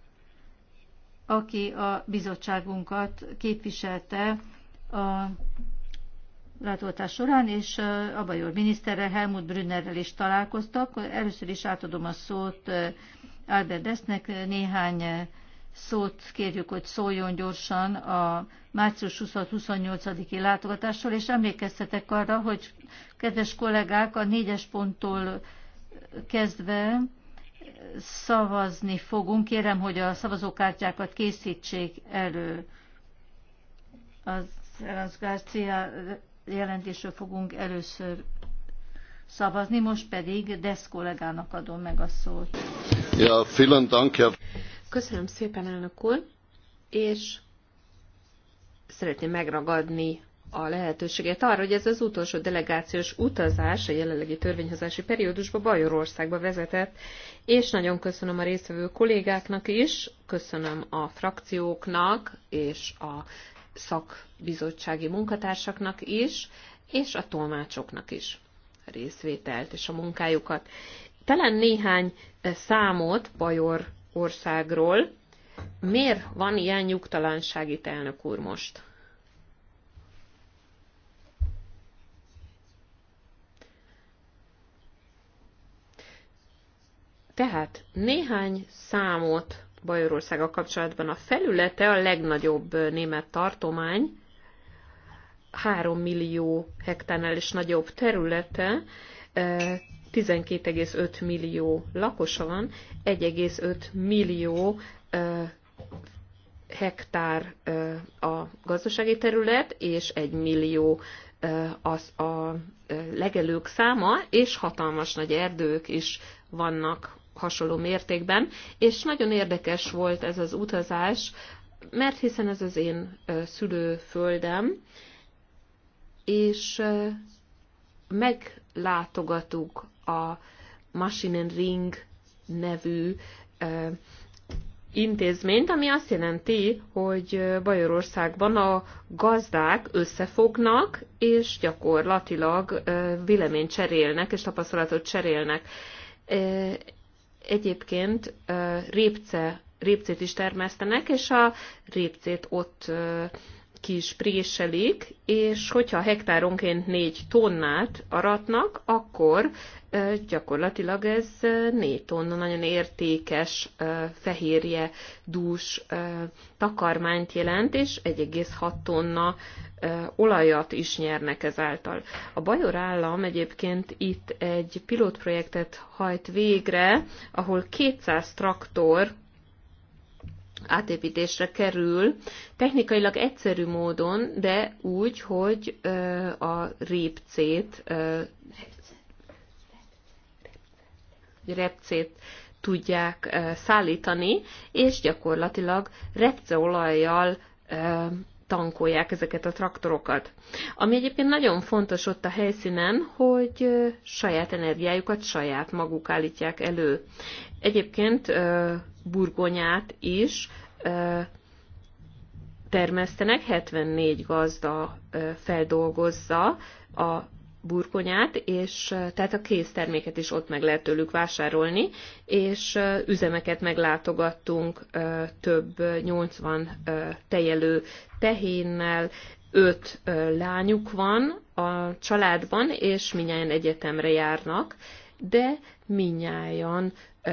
aki a bizottságunkat képviselte a látogatás során, és a bajor miniszterrel, Helmut Brünnerrel is találkoztak. Először is átadom a szót Albert Desznek, néhány szót kérjük, hogy szóljon gyorsan a március 28 i látogatásról, és emlékeztetek arra, hogy Kedves kollégák, a négyes ponttól kezdve szavazni fogunk. Kérem, hogy a szavazókártyákat készítsék elő. Az Eranz Garcia jelentésről fogunk először szavazni, most pedig Desz kollégának adom meg a szót. Ja, vielen Dank, Herr... Köszönöm szépen, elnök úr, és szeretném megragadni a lehetőséget arra, hogy ez az utolsó delegációs utazás a jelenlegi törvényhozási periódusba Bajorországba vezetett, és nagyon köszönöm a résztvevő kollégáknak is, köszönöm a frakcióknak és a szakbizottsági munkatársaknak is, és a tolmácsoknak is a részvételt és a munkájukat. Talán néhány e, számot Bajor országról. Miért van ilyen nyugtalanság itt, elnök úr, most? Tehát néhány számot Bajorországa kapcsolatban. A felülete a legnagyobb német tartomány, 3 millió hektárnál is nagyobb területe, 12,5 millió lakosa van, 1,5 millió hektár a gazdasági terület, és 1 millió az a legelők száma, és hatalmas nagy erdők is vannak hasonló mértékben, és nagyon érdekes volt ez az utazás, mert hiszen ez az én szülőföldem, és meglátogatuk a Machine Ring nevű intézményt, ami azt jelenti, hogy Bajorországban a gazdák összefognak, és gyakorlatilag véleményt cserélnek, és tapasztalatot cserélnek egyébként répce, répcét is termesztenek, és a répcét ott kis préselik, és hogyha hektáronként 4 tonnát aratnak, akkor gyakorlatilag ez 4 tonna nagyon értékes fehérje, dús takarmányt jelent, és 1,6 tonna olajat is nyernek ezáltal. A Bajor állam egyébként itt egy pilotprojektet hajt végre, ahol 200 traktor átépítésre kerül, technikailag egyszerű módon, de úgy, hogy a répcét, repcét tudják szállítani, és gyakorlatilag repceolajjal tankolják ezeket a traktorokat. Ami egyébként nagyon fontos ott a helyszínen, hogy saját energiájukat saját maguk állítják elő. Egyébként burgonyát is termesztenek, 74 gazda feldolgozza a burgonyát, és tehát a készterméket is ott meg lehet tőlük vásárolni, és üzemeket meglátogattunk több 80 tejelő tehénnel, öt lányuk van a családban, és minnyáján egyetemre járnak, de minnyáján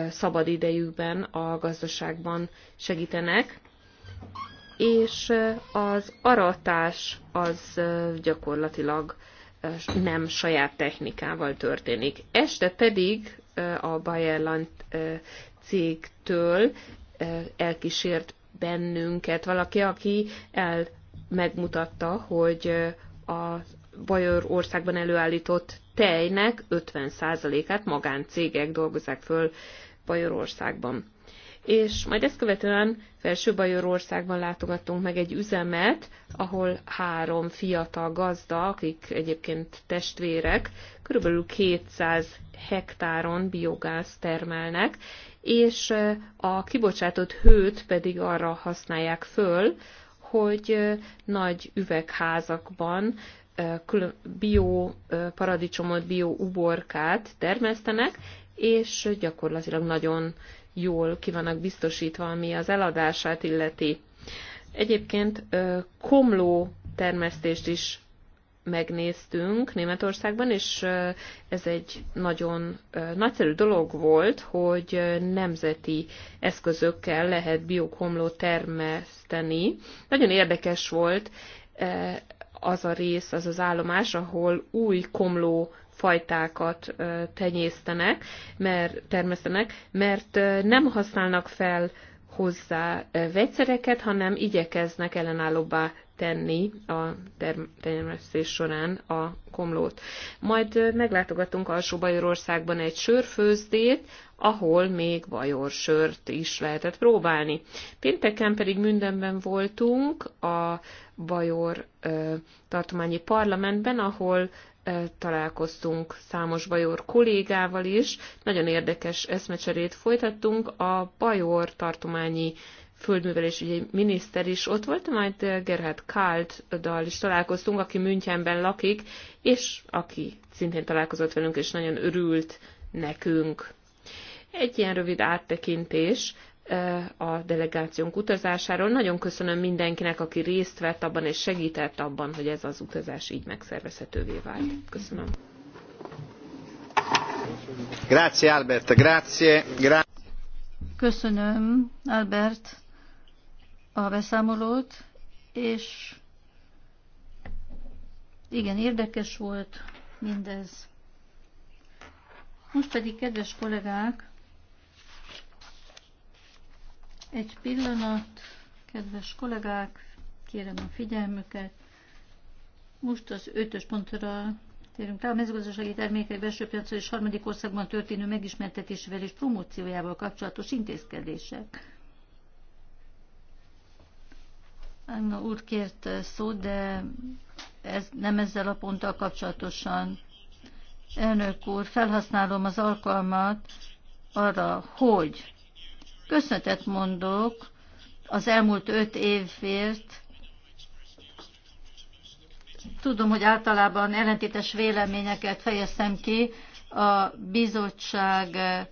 szabad idejükben a gazdaságban segítenek, és az aratás az gyakorlatilag nem saját technikával történik. Este pedig a Bayerland cégtől elkísért bennünket valaki, aki el megmutatta, hogy a Bajor országban előállított tejnek 50%-át magáncégek dolgozzák föl Bajorországban. És majd ezt követően Felső Bajorországban látogattunk meg egy üzemet, ahol három fiatal gazda, akik egyébként testvérek, körülbelül 200 hektáron biogáz termelnek, és a kibocsátott hőt pedig arra használják föl, hogy nagy üvegházakban bio paradicsomot, bio uborkát termesztenek, és gyakorlatilag nagyon jól ki vannak biztosítva, ami az eladását illeti. Egyébként komló termesztést is megnéztünk Németországban, és ez egy nagyon nagyszerű dolog volt, hogy nemzeti eszközökkel lehet biokomló termeszteni. Nagyon érdekes volt az a rész, az az állomás, ahol új komló fajtákat tenyésztenek, mert termesztenek, mert nem használnak fel hozzá vegyszereket, hanem igyekeznek ellenállóbbá tenni a termesztés során a komlót. Majd meglátogatunk alsó Bajorországban egy sörfőzdét, ahol még sört is lehetett próbálni. Pénteken pedig mindenben voltunk a Bajor ö, tartományi parlamentben, ahol találkoztunk számos bajor kollégával is, nagyon érdekes eszmecserét folytattunk a bajor tartományi Földművelési miniszter is ott volt, majd Gerhard dal is találkoztunk, aki Münchenben lakik, és aki szintén találkozott velünk, és nagyon örült nekünk. Egy ilyen rövid áttekintés a delegációnk utazásáról. Nagyon köszönöm mindenkinek, aki részt vett abban és segített abban, hogy ez az utazás így megszervezhetővé vált. Köszönöm. Grazie Albert, grazie. Gra- köszönöm Albert a beszámolót, és igen, érdekes volt mindez. Most pedig, kedves kollégák, egy pillanat, kedves kollégák, kérem a figyelmüket. Most az ötös pontra térünk rá. A mezőgazdasági termékek belső piacon és harmadik országban történő megismertetésével és promóciójával kapcsolatos intézkedések. Anna úr kért eh, szót, de ez, nem ezzel a ponttal kapcsolatosan. Elnök úr, felhasználom az alkalmat arra, hogy köszönetet mondok az elmúlt öt évért. Tudom, hogy általában ellentétes véleményeket fejeztem ki a bizottság eh,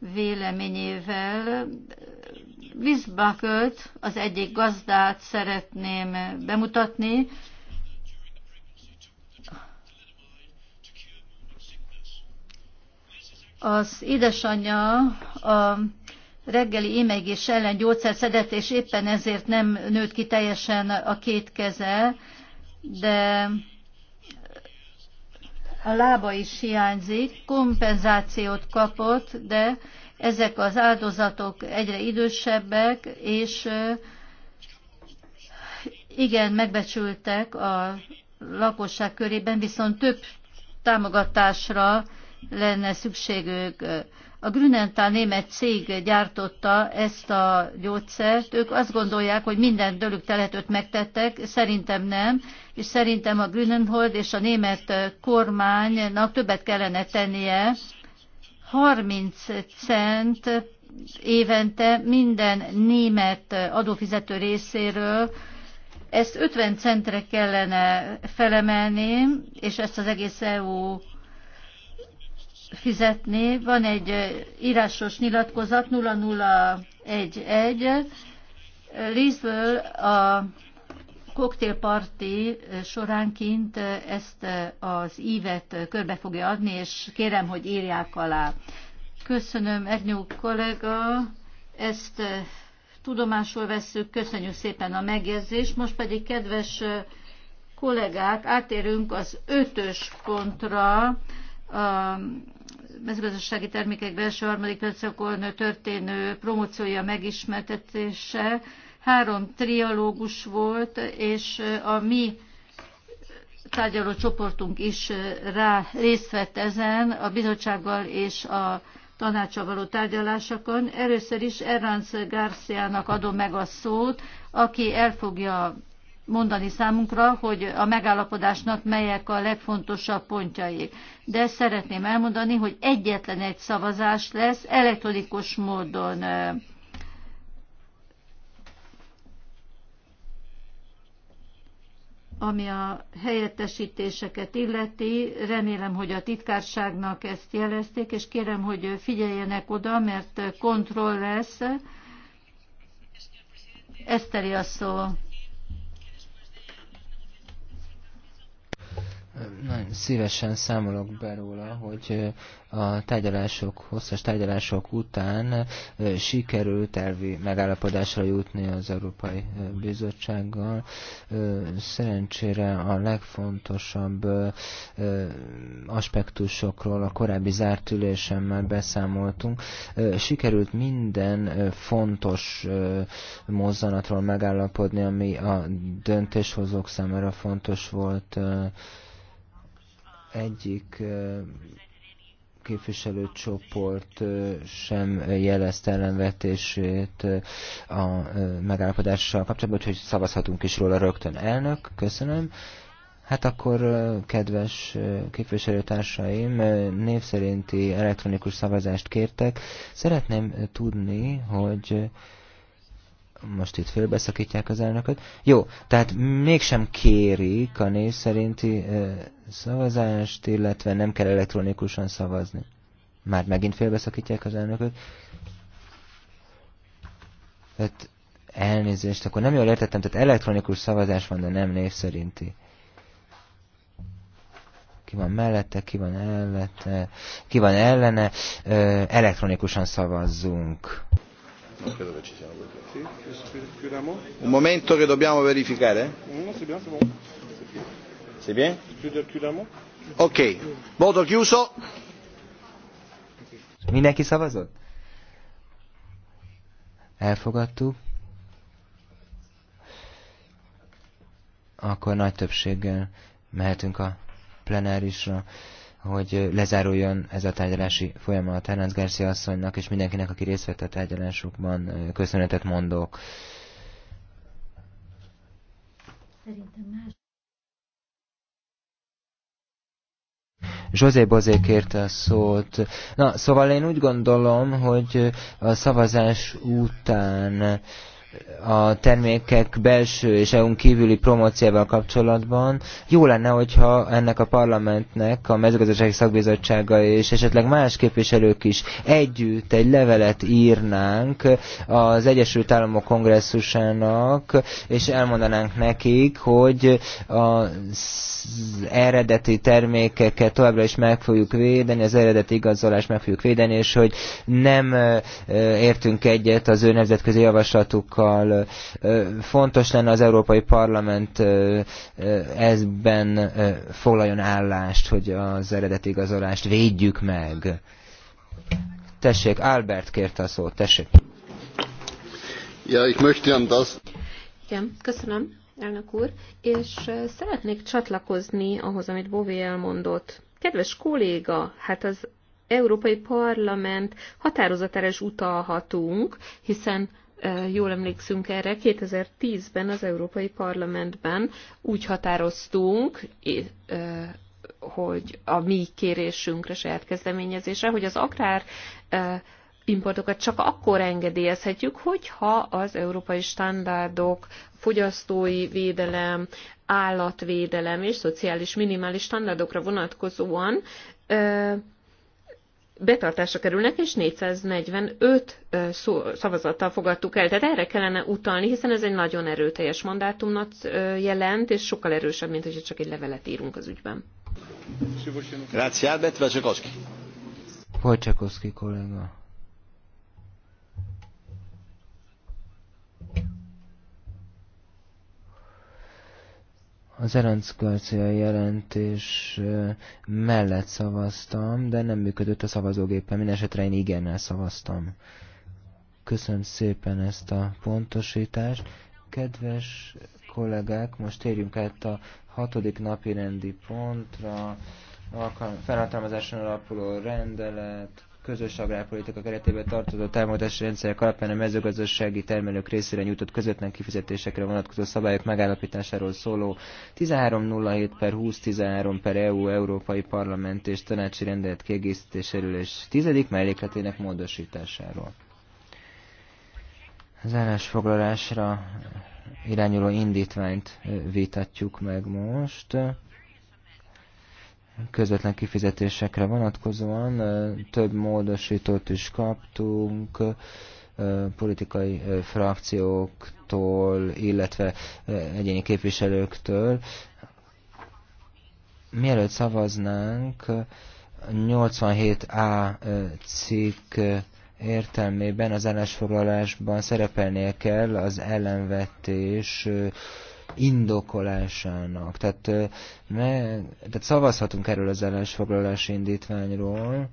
véleményével. Liz az egyik gazdát szeretném bemutatni. Az édesanyja a reggeli émegés ellen gyógyszer szedett, és éppen ezért nem nőtt ki teljesen a két keze, de a lába is hiányzik, kompenzációt kapott, de ezek az áldozatok egyre idősebbek, és igen, megbecsültek a lakosság körében, viszont több támogatásra lenne szükségük a Grünenthal német cég gyártotta ezt a gyógyszert. Ők azt gondolják, hogy minden dőlük telhetőt megtettek, szerintem nem, és szerintem a Grünenhold és a német kormánynak többet kellene tennie. 30 cent évente minden német adófizető részéről ezt 50 centre kellene felemelni, és ezt az egész EU fizetni. Van egy írásos nyilatkozat 0011 Lizből a koktélparti során kint ezt az ívet körbe fogja adni, és kérem, hogy írják alá. Köszönöm, Ernyó kollega, ezt tudomásul veszük köszönjük szépen a megjegyzést. Most pedig, kedves kollégák, átérünk az ötös pontra, mezőgazdasági termékek belső harmadik piacokon történő promóciója megismertetése. Három trialógus volt, és a mi tárgyaló csoportunk is rá részt vett ezen a bizottsággal és a tanácsa való tárgyalásokon. Először is Erranz Garciának adom meg a szót, aki el fogja mondani számunkra, hogy a megállapodásnak melyek a legfontosabb pontjai. De szeretném elmondani, hogy egyetlen egy szavazás lesz elektronikus módon. Ami a helyettesítéseket illeti, remélem, hogy a titkárságnak ezt jelezték, és kérem, hogy figyeljenek oda, mert kontroll lesz. Eszteri a szó. Nagyon szívesen számolok be róla, hogy a tárgyalások, hosszas tárgyalások után sikerült elvi megállapodásra jutni az Európai Bizottsággal. Szerencsére a legfontosabb aspektusokról a korábbi zárt ülésen már beszámoltunk. Sikerült minden fontos mozzanatról megállapodni, ami a döntéshozók számára fontos volt, egyik képviselőcsoport sem jelezte ellenvetését a megállapodással kapcsolatban, úgyhogy szavazhatunk is róla rögtön. Elnök, köszönöm. Hát akkor, kedves képviselőtársaim, név szerinti elektronikus szavazást kértek. Szeretném tudni, hogy most itt félbeszakítják az elnököt. Jó, tehát mégsem kérik a név szerinti szavazást, illetve nem kell elektronikusan szavazni. Már megint félbeszakítják az elnököt. Tehát elnézést, akkor nem jól értettem, tehát elektronikus szavazás van, de nem név szerinti. Ki van mellette, ki van ellene, ki van ellene, elektronikusan szavazzunk credo che ci siano quelli. Sì, Un momento che dobbiamo verificare. Mm, no, c'est bien, c'est bon. bien? Ok, voto chiuso. Mindenki szavazott? Elfogadtuk. Akkor nagy többséggel mehetünk a plenárisra hogy lezáruljon ez a tárgyalási folyamat. Hernández Garcia asszonynak és mindenkinek, aki részt vett a tárgyalásokban, köszönetet mondok. Szerintem más. José Bozé kérte a szót. Na, szóval én úgy gondolom, hogy a szavazás után a termékek belső és EU-n kívüli promóciával kapcsolatban. Jó lenne, hogyha ennek a parlamentnek, a mezőgazdasági szakbizottsága és esetleg más képviselők is együtt egy levelet írnánk az Egyesült Államok kongresszusának, és elmondanánk nekik, hogy a eredeti termékeket továbbra is meg fogjuk védeni, az eredeti igazolást meg fogjuk védeni, és hogy nem értünk egyet az ő nemzetközi javaslatukkal. Fontos lenne az Európai Parlament ezben foglaljon állást, hogy az eredeti igazolást védjük meg. Tessék, Albert kérte a szót, tessék. Ja, ich möchte an das... Igen, köszönöm elnök úr, és szeretnék csatlakozni ahhoz, amit Bové elmondott. Kedves kolléga, hát az Európai Parlament határozatára is utalhatunk, hiszen jól emlékszünk erre, 2010-ben az Európai Parlamentben úgy határoztunk, hogy a mi kérésünkre, saját kezdeményezésre, hogy az agrár importokat csak akkor engedélyezhetjük, hogyha az európai standardok, fogyasztói védelem, állatvédelem és szociális minimális standardokra vonatkozóan betartásra kerülnek, és 445 szavazattal fogadtuk el. Tehát erre kellene utalni, hiszen ez egy nagyon erőteljes mandátumnak jelent, és sokkal erősebb, mint hogyha csak egy levelet írunk az ügyben. Grazie Albert Vacsakoszki. Vacsakoszki kolléga. az Erenc Garcia jelentés mellett szavaztam, de nem működött a szavazógépen, mindesetre én igennel szavaztam. Köszönöm szépen ezt a pontosítást. Kedves kollégák, most térjünk át a hatodik napi rendi pontra, a felhatalmazáson alapuló rendelet, közös agrárpolitika keretében tartozó támogatási rendszerek alapján a mezőgazdasági termelők részére nyújtott közvetlen kifizetésekre vonatkozó szabályok megállapításáról szóló 1307 per 2013 per EU Európai Parlament és Tanácsi Rendelet kiegészítéséről és 10. mellékletének módosításáról. Az állásfoglalásra irányuló indítványt vitatjuk meg most közvetlen kifizetésekre vonatkozóan több módosítót is kaptunk politikai frakcióktól, illetve egyéni képviselőktől. Mielőtt szavaznánk, 87A cikk értelmében az ellensfoglalásban szerepelnie kell az ellenvetés indokolásának. Tehát, me, tehát szavazhatunk erről az ellensfoglalási indítványról.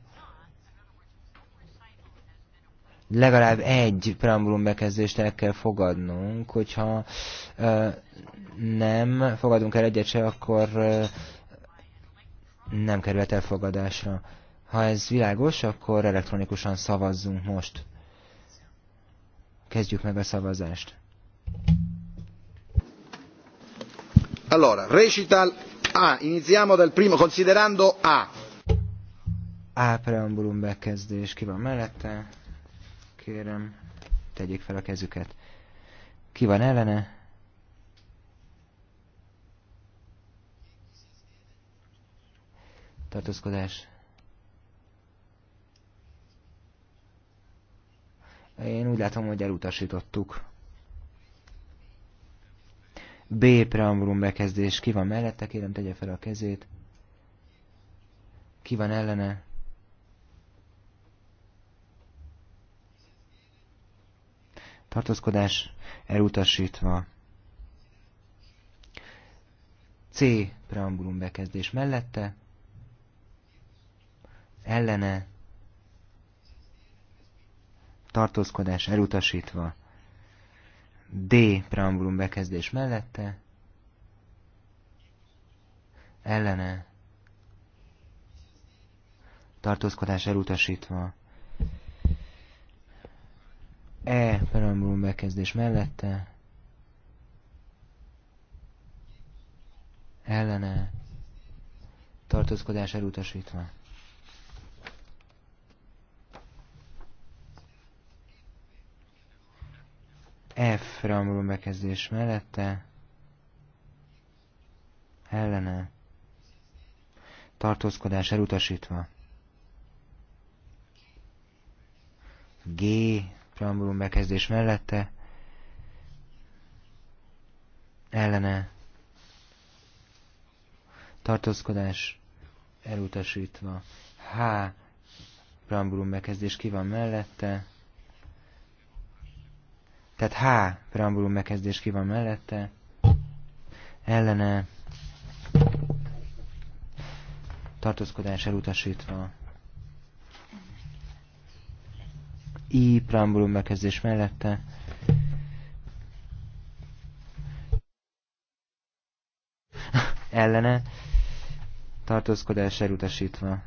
Legalább egy preambulum bekezdést el kell fogadnunk, hogyha ö, nem fogadunk el egyet se, akkor ö, nem kerülhet elfogadásra. Ha ez világos, akkor elektronikusan szavazzunk most. Kezdjük meg a szavazást. Allora, recital A, iniziamo dal primo, considerando A. A preambulum bekezdés, ki van mellette? Kérem, tegyék fel a kezüket. Ki van ellene? Tartózkodás. Én úgy látom, hogy elutasítottuk. B preambulum bekezdés. Ki van mellette? Kérem, tegye fel a kezét. Ki van ellene? Tartózkodás elutasítva. C preambulum bekezdés mellette. Ellene. Tartózkodás elutasítva. D preambulum bekezdés mellette, ellene, tartózkodás elutasítva, E preambulum bekezdés mellette, ellene, tartózkodás elutasítva. F preambulum bekezdés mellette ellene tartózkodás elutasítva. G preambulum bekezdés mellette ellene tartózkodás elutasítva. H preambulum bekezdés ki van mellette tehát H preambulum megkezdés ki van mellette, ellene tartózkodás elutasítva. I preambulum megkezdés mellette, ellene tartózkodás elutasítva.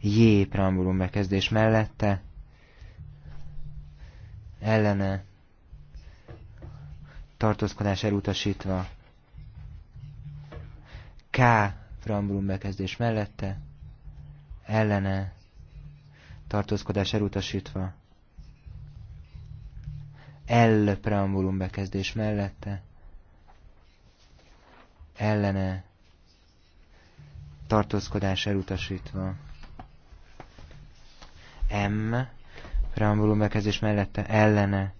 J preambulum megkezdés mellette, ellene tartózkodás elutasítva. K. Frambrum bekezdés mellette ellene tartózkodás elutasítva. L preambulum bekezdés mellette, ellene tartózkodás elutasítva. M preambulum bekezdés mellette ellene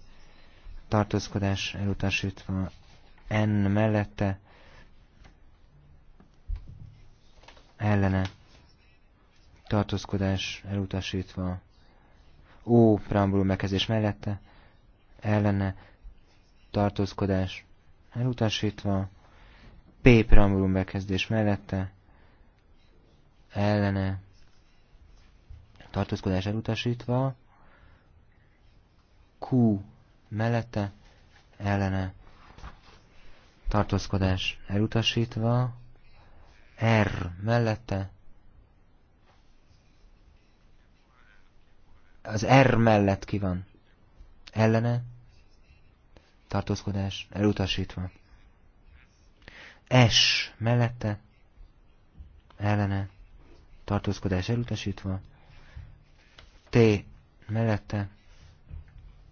tartózkodás elutasítva N mellette ellene tartózkodás elutasítva ó preambulum bekezdés mellette ellene tartózkodás elutasítva P preambulum bekezdés mellette ellene tartózkodás elutasítva Q mellette ellene tartózkodás elutasítva, R mellette, az R mellett ki van, ellene tartózkodás elutasítva, S mellette, ellene tartózkodás elutasítva, T mellette,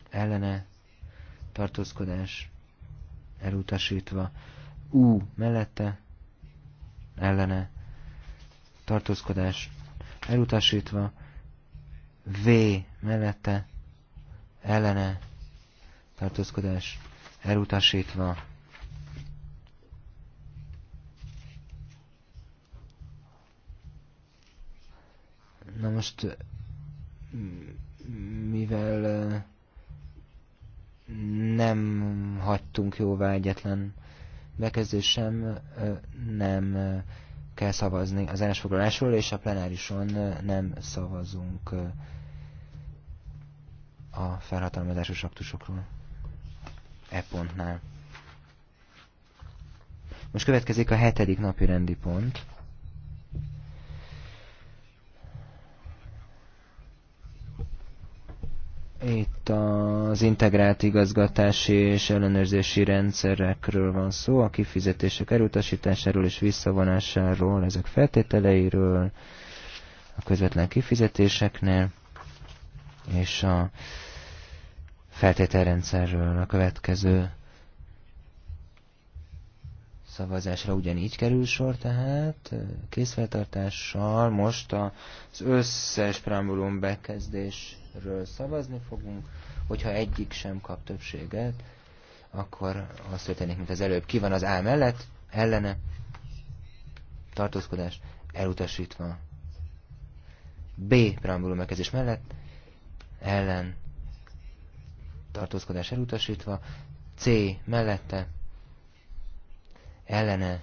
ellene tartózkodás elutasítva, U mellette ellene tartózkodás elutasítva, V mellette ellene tartózkodás elutasítva. Na most, mivel nem hagytunk jóvá egyetlen bekezdő sem, nem kell szavazni az állásfoglalásról, és a plenárison nem szavazunk a felhatalmazásos aktusokról. E pontnál. Most következik a hetedik napi rendi pont. Itt az integrált igazgatási és ellenőrzési rendszerekről van szó, a kifizetések elutasításáról és visszavonásáról, ezek feltételeiről, a közvetlen kifizetéseknél, és a feltételrendszerről a következő szavazásra ugyanígy kerül sor, tehát készfeltartással most az összes preambulum bekezdés ről szavazni fogunk, hogyha egyik sem kap többséget, akkor az történik, mint az előbb. Ki van az A mellett, ellene, tartózkodás, elutasítva. B preambulum megkezdés mellett, ellen, tartózkodás elutasítva, C mellette, ellene,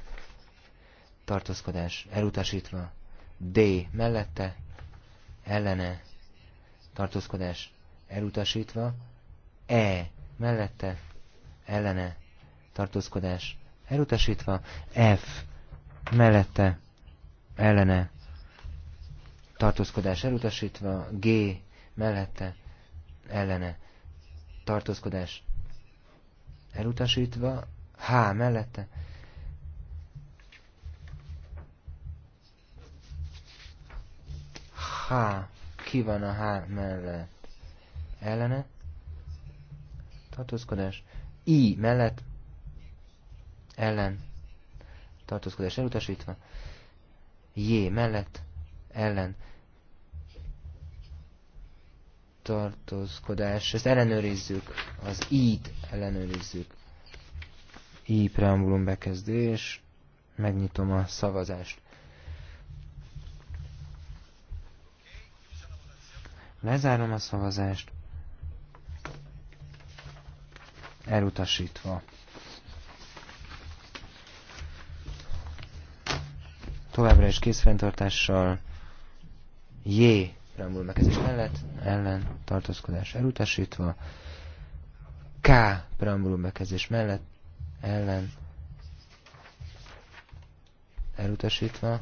tartózkodás elutasítva, D mellette, ellene, tartózkodás elutasítva, E mellette ellene tartózkodás elutasítva, F mellette ellene tartózkodás elutasítva, G mellette ellene tartózkodás elutasítva, H mellette H ki van a H mellett? Ellene? Tartózkodás. I mellett? Ellen. Tartózkodás elutasítva. J mellett? Ellen. Tartózkodás. Ezt ellenőrizzük. Az I-t ellenőrizzük. I preambulum bekezdés. Megnyitom a szavazást. Lezárom a szavazást. Elutasítva. Továbbra is készfenntartással J preambul megkezdés mellett, ellen tartózkodás elutasítva, K preambul megkezdés mellett, ellen elutasítva,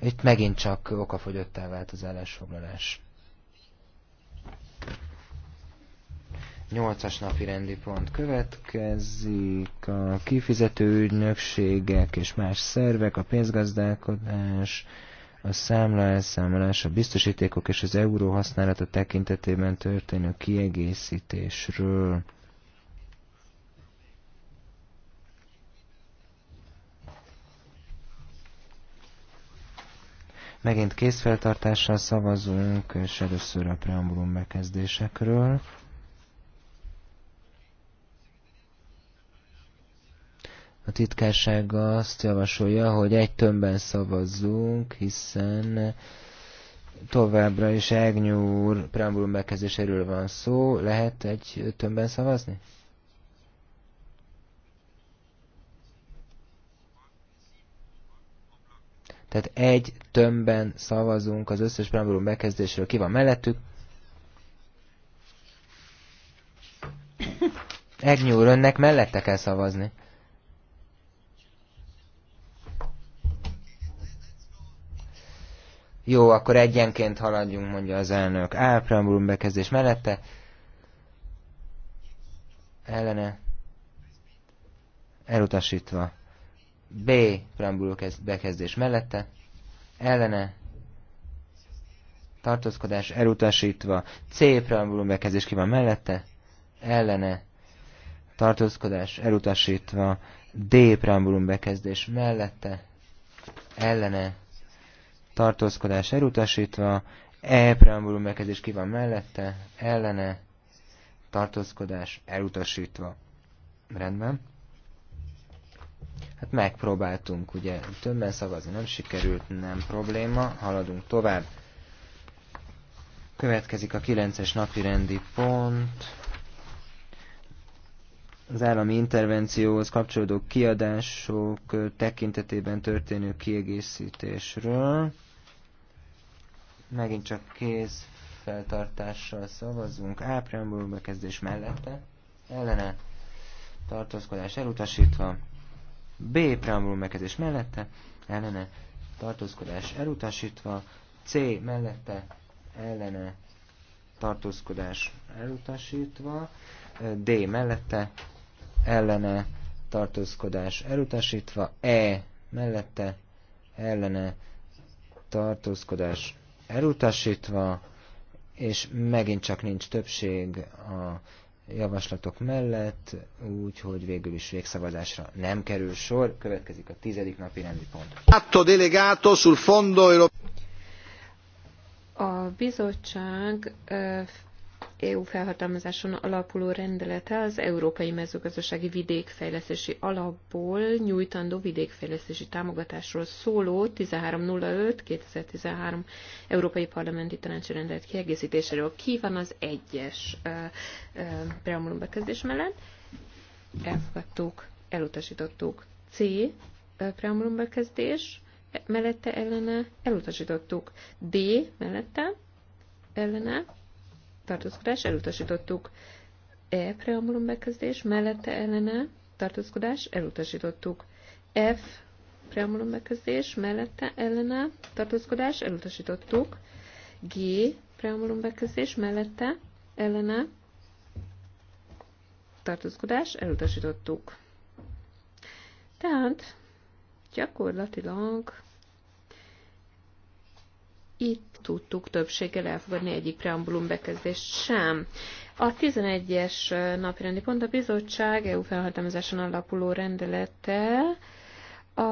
Itt megint csak okafogyottá vált az állásfoglalás. Nyolcas napi rendi pont következik, a kifizető ügynökségek és más szervek, a pénzgazdálkodás, a számla elszámolás, a biztosítékok és az euró használata tekintetében történő kiegészítésről. Megint készfeltartással szavazunk, és először a preambulum bekezdésekről. A titkárság azt javasolja, hogy egy tömbben szavazzunk, hiszen továbbra is egnyúr preambulum bekezdéséről van szó. Lehet egy tömbben szavazni? Tehát egy tömbben szavazunk az összes preambulum bekezdésről. Ki van mellettük? Egnyúr, önnek mellette kell szavazni. Jó, akkor egyenként haladjunk, mondja az elnök. A preambulum bekezdés mellette. Ellene. Elutasítva. B preambuló bekezdés mellette, ellene tartózkodás elutasítva, C preambuló bekezdés ki van mellette, ellene tartózkodás elutasítva, D Preambuló bekezdés mellette, ellene tartózkodás elutasítva, E Preambuló bekezdés ki van mellette, ellene tartózkodás elutasítva. Rendben. Hát megpróbáltunk, ugye többen szavazni nem sikerült, nem probléma, haladunk tovább. Következik a 9-es napi rendi pont. Az állami intervencióhoz kapcsolódó kiadások tekintetében történő kiegészítésről. Megint csak kéz feltartással szavazunk. Ápriamból bekezdés mellette. Ellene tartózkodás elutasítva. B preambulum megkezdés mellette, ellene tartózkodás elutasítva, C mellette, ellene tartózkodás elutasítva, D mellette, ellene tartózkodás elutasítva, E mellette, ellene tartózkodás elutasítva, és megint csak nincs többség a javaslatok mellett, úgyhogy végül is végszavazásra nem kerül sor. Következik a tizedik napi rendi pont. a bizottság EU felhatalmazáson alapuló rendelete az Európai Mezőgazdasági Vidékfejlesztési Alapból nyújtandó vidékfejlesztési támogatásról szóló 1305-2013 Európai Parlamenti Tanácsi Rendelet kiegészítéséről. Ki van az egyes preambulum bekezdés mellett? Elfogadtuk, elutasítottuk. C preambulum bekezdés mellette ellene elutasítottuk. D mellette ellene tartózkodás, elutasítottuk. E preambulum bekezdés, mellette ellene tartózkodás, elutasítottuk. F preambulum bekezdés, mellette ellene tartózkodás, elutasítottuk. G preambulum bekezdés, mellette ellene tartózkodás, elutasítottuk. Tehát gyakorlatilag itt tudtuk többséggel elfogadni egyik preambulum bekezdést sem. A 11-es napirendi pont a bizottság EU felhatalmazáson alapuló rendelete a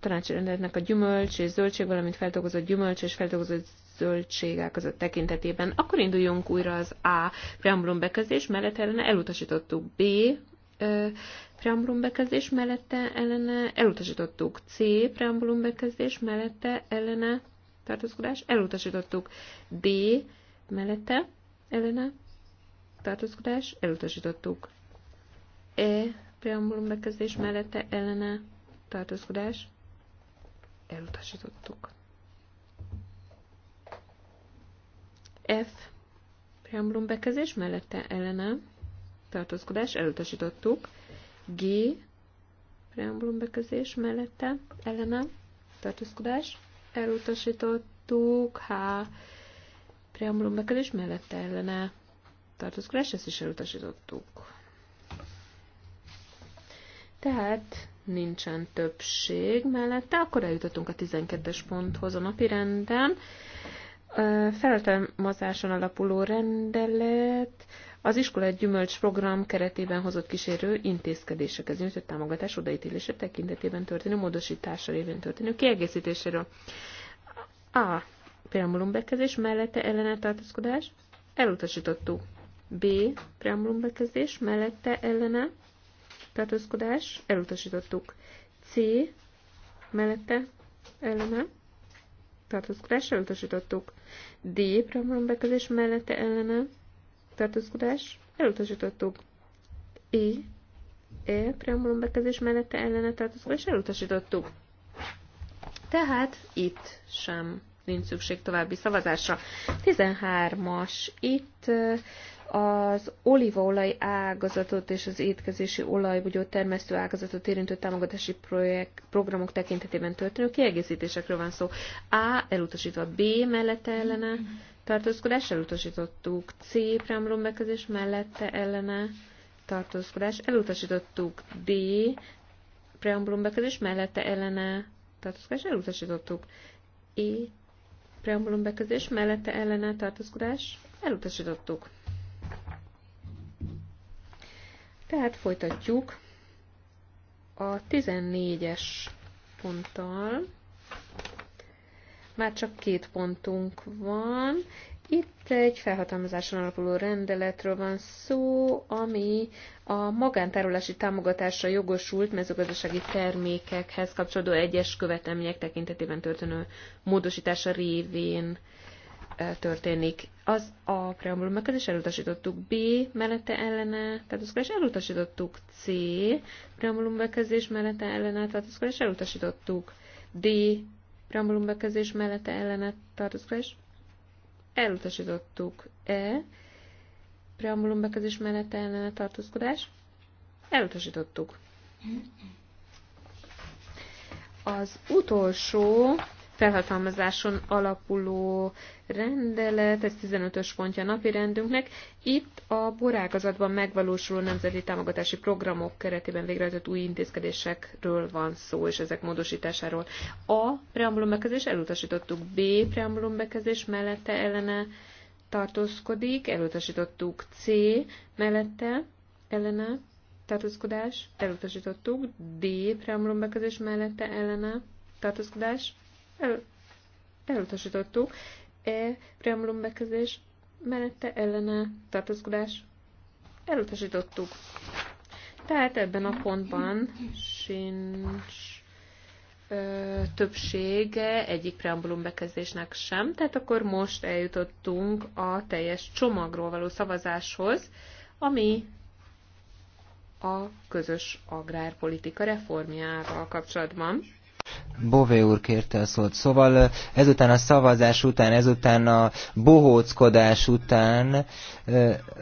tanácsi rendeletnek a gyümölcs és zöldség, valamint feldolgozott gyümölcs és feldolgozott zöldségek között tekintetében. Akkor induljunk újra az A preambulum bekezdés mellett ellene elutasítottuk B preambulum bekezdés mellette ellene elutasítottuk C preambulum bekezdés mellette ellene tartózkodás, elutasítottuk. D mellette, Elena, tartózkodás, elutasítottuk. E preambulum bekezdés mellette, Elena, tartózkodás, elutasítottuk. F preambulum bekezdés mellette, Elena, tartózkodás, elutasítottuk. G preambulum bekezdés mellette, Elena, tartózkodás, elutasítottuk, ha preambulum bekerülés mellette ellene tartózkodás, ezt is elutasítottuk. Tehát nincsen többség mellette, akkor eljutottunk a 12-es ponthoz a napi renden. Feltelmazáson alapuló rendelet, az egy gyümölcs program keretében hozott kísérő intézkedésekhez nyújtott támogatás odaítélése tekintetében történő módosítása révén történő kiegészítéséről. A. Preambulum bekezdés mellette ellene tartózkodás elutasítottuk. B. Preambulum bekezdés mellette ellene tartózkodás elutasítottuk. C. Mellette ellene tartózkodás elutasítottuk. D. Preambulum bekezdés mellette ellene tartózkodás, elutasítottuk. I, E, preambulum bekezdés mellette ellene tartózkodás, elutasítottuk. Tehát itt sem nincs szükség további szavazásra. 13-as. Itt az olívaolaj ágazatot és az étkezési olajbogyó termesztő ágazatot érintő támogatási projekt, programok tekintetében történő kiegészítésekről van szó. A. Elutasítva B mellette ellene tartózkodás elutasítottuk. C preambulum bekezdés mellette ellene tartózkodás elutasítottuk. D preambulum bekezdés mellette ellene tartózkodás elutasítottuk. E preambulum bekezdés mellette ellene tartózkodás elutasítottuk. Tehát folytatjuk a 14-es ponttal. Már csak két pontunk van. Itt egy felhatalmazáson alapuló rendeletről van szó, ami a magántárolási támogatásra jogosult mezőgazdasági termékekhez kapcsolódó egyes követelmények tekintetében történő módosítása révén e, történik. Az a preambulum is elutasítottuk, B mellette ellene tartózkodás elutasítottuk, C preambulum bekezdés mellette ellene tartózkodás elutasítottuk, D preambulum bekezdés mellette ellene tartozkodás. elutasítottuk. E preambulum bekezdés mellette ellene tartózkodás elutasítottuk. Az utolsó felhatalmazáson alapuló rendelet, ez 15-ös pontja a napi rendünknek. Itt a borágazatban megvalósuló nemzeti támogatási programok keretében végrehajtott új intézkedésekről van szó, és ezek módosításáról. A preambulum bekezdés elutasítottuk, B preambulum bekezdés mellette ellene tartózkodik, elutasítottuk C mellette ellene tartózkodás, elutasítottuk D preambulum bekezdés mellette ellene tartózkodás, el, elutasítottuk. E preambulum bekezdés mellette ellene tartózkodás elutasítottuk. Tehát ebben a pontban sincs ö, többsége egyik preambulum bekezdésnek sem, tehát akkor most eljutottunk a teljes csomagról való szavazáshoz, ami a közös agrárpolitika reformjával kapcsolatban. Bové úr kérte a szót. Szóval ezután a szavazás után, ezután a bohóckodás után,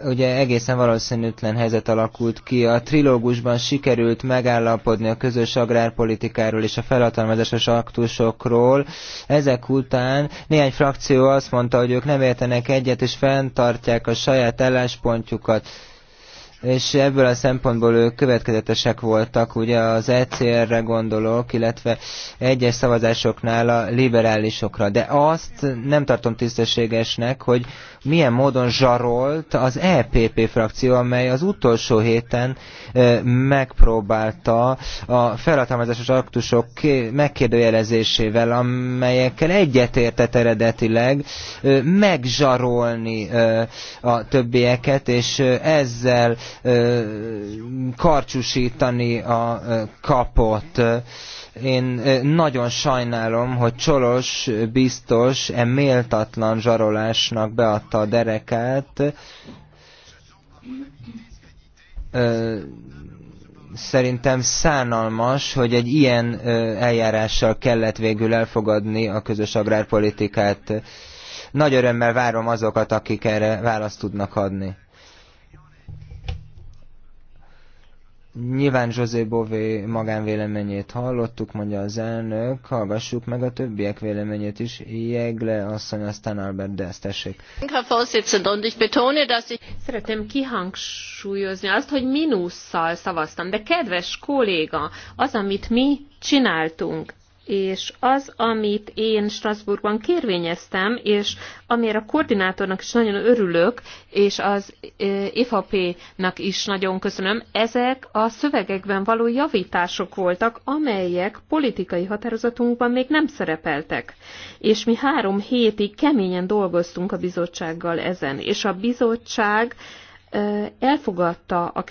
ugye egészen valószínűtlen helyzet alakult ki. A trilógusban sikerült megállapodni a közös agrárpolitikáról és a felhatalmazásos aktusokról. Ezek után néhány frakció azt mondta, hogy ők nem értenek egyet, és fenntartják a saját álláspontjukat és ebből a szempontból ők következetesek voltak, ugye az ECR-re gondolok, illetve egyes szavazásoknál a liberálisokra, de azt nem tartom tisztességesnek, hogy milyen módon zsarolt az EPP frakció, amely az utolsó héten e, megpróbálta a felhatalmazásos aktusok megkérdőjelezésével, amelyekkel egyetértett eredetileg, e, megzsarolni e, a többieket, és ezzel karcsúsítani a kapot. Én nagyon sajnálom, hogy Csolos biztos e méltatlan zsarolásnak beadta a derekát. Szerintem szánalmas, hogy egy ilyen eljárással kellett végül elfogadni a közös agrárpolitikát. Nagy örömmel várom azokat, akik erre választ tudnak adni. Nyilván José Bové magánvéleményét hallottuk, mondja az elnök, hallgassuk meg a többiek véleményét is. Jegle asszony, aztán Albert Dess, tessék. Szeretném kihangsúlyozni azt, hogy minusszal szavaztam, de kedves kolléga, az, amit mi csináltunk, és az, amit én Strasbourgban kérvényeztem, és amire a koordinátornak is nagyon örülök, és az EFAP-nak is nagyon köszönöm, ezek a szövegekben való javítások voltak, amelyek politikai határozatunkban még nem szerepeltek. És mi három hétig keményen dolgoztunk a bizottsággal ezen, és a bizottság e, elfogadta a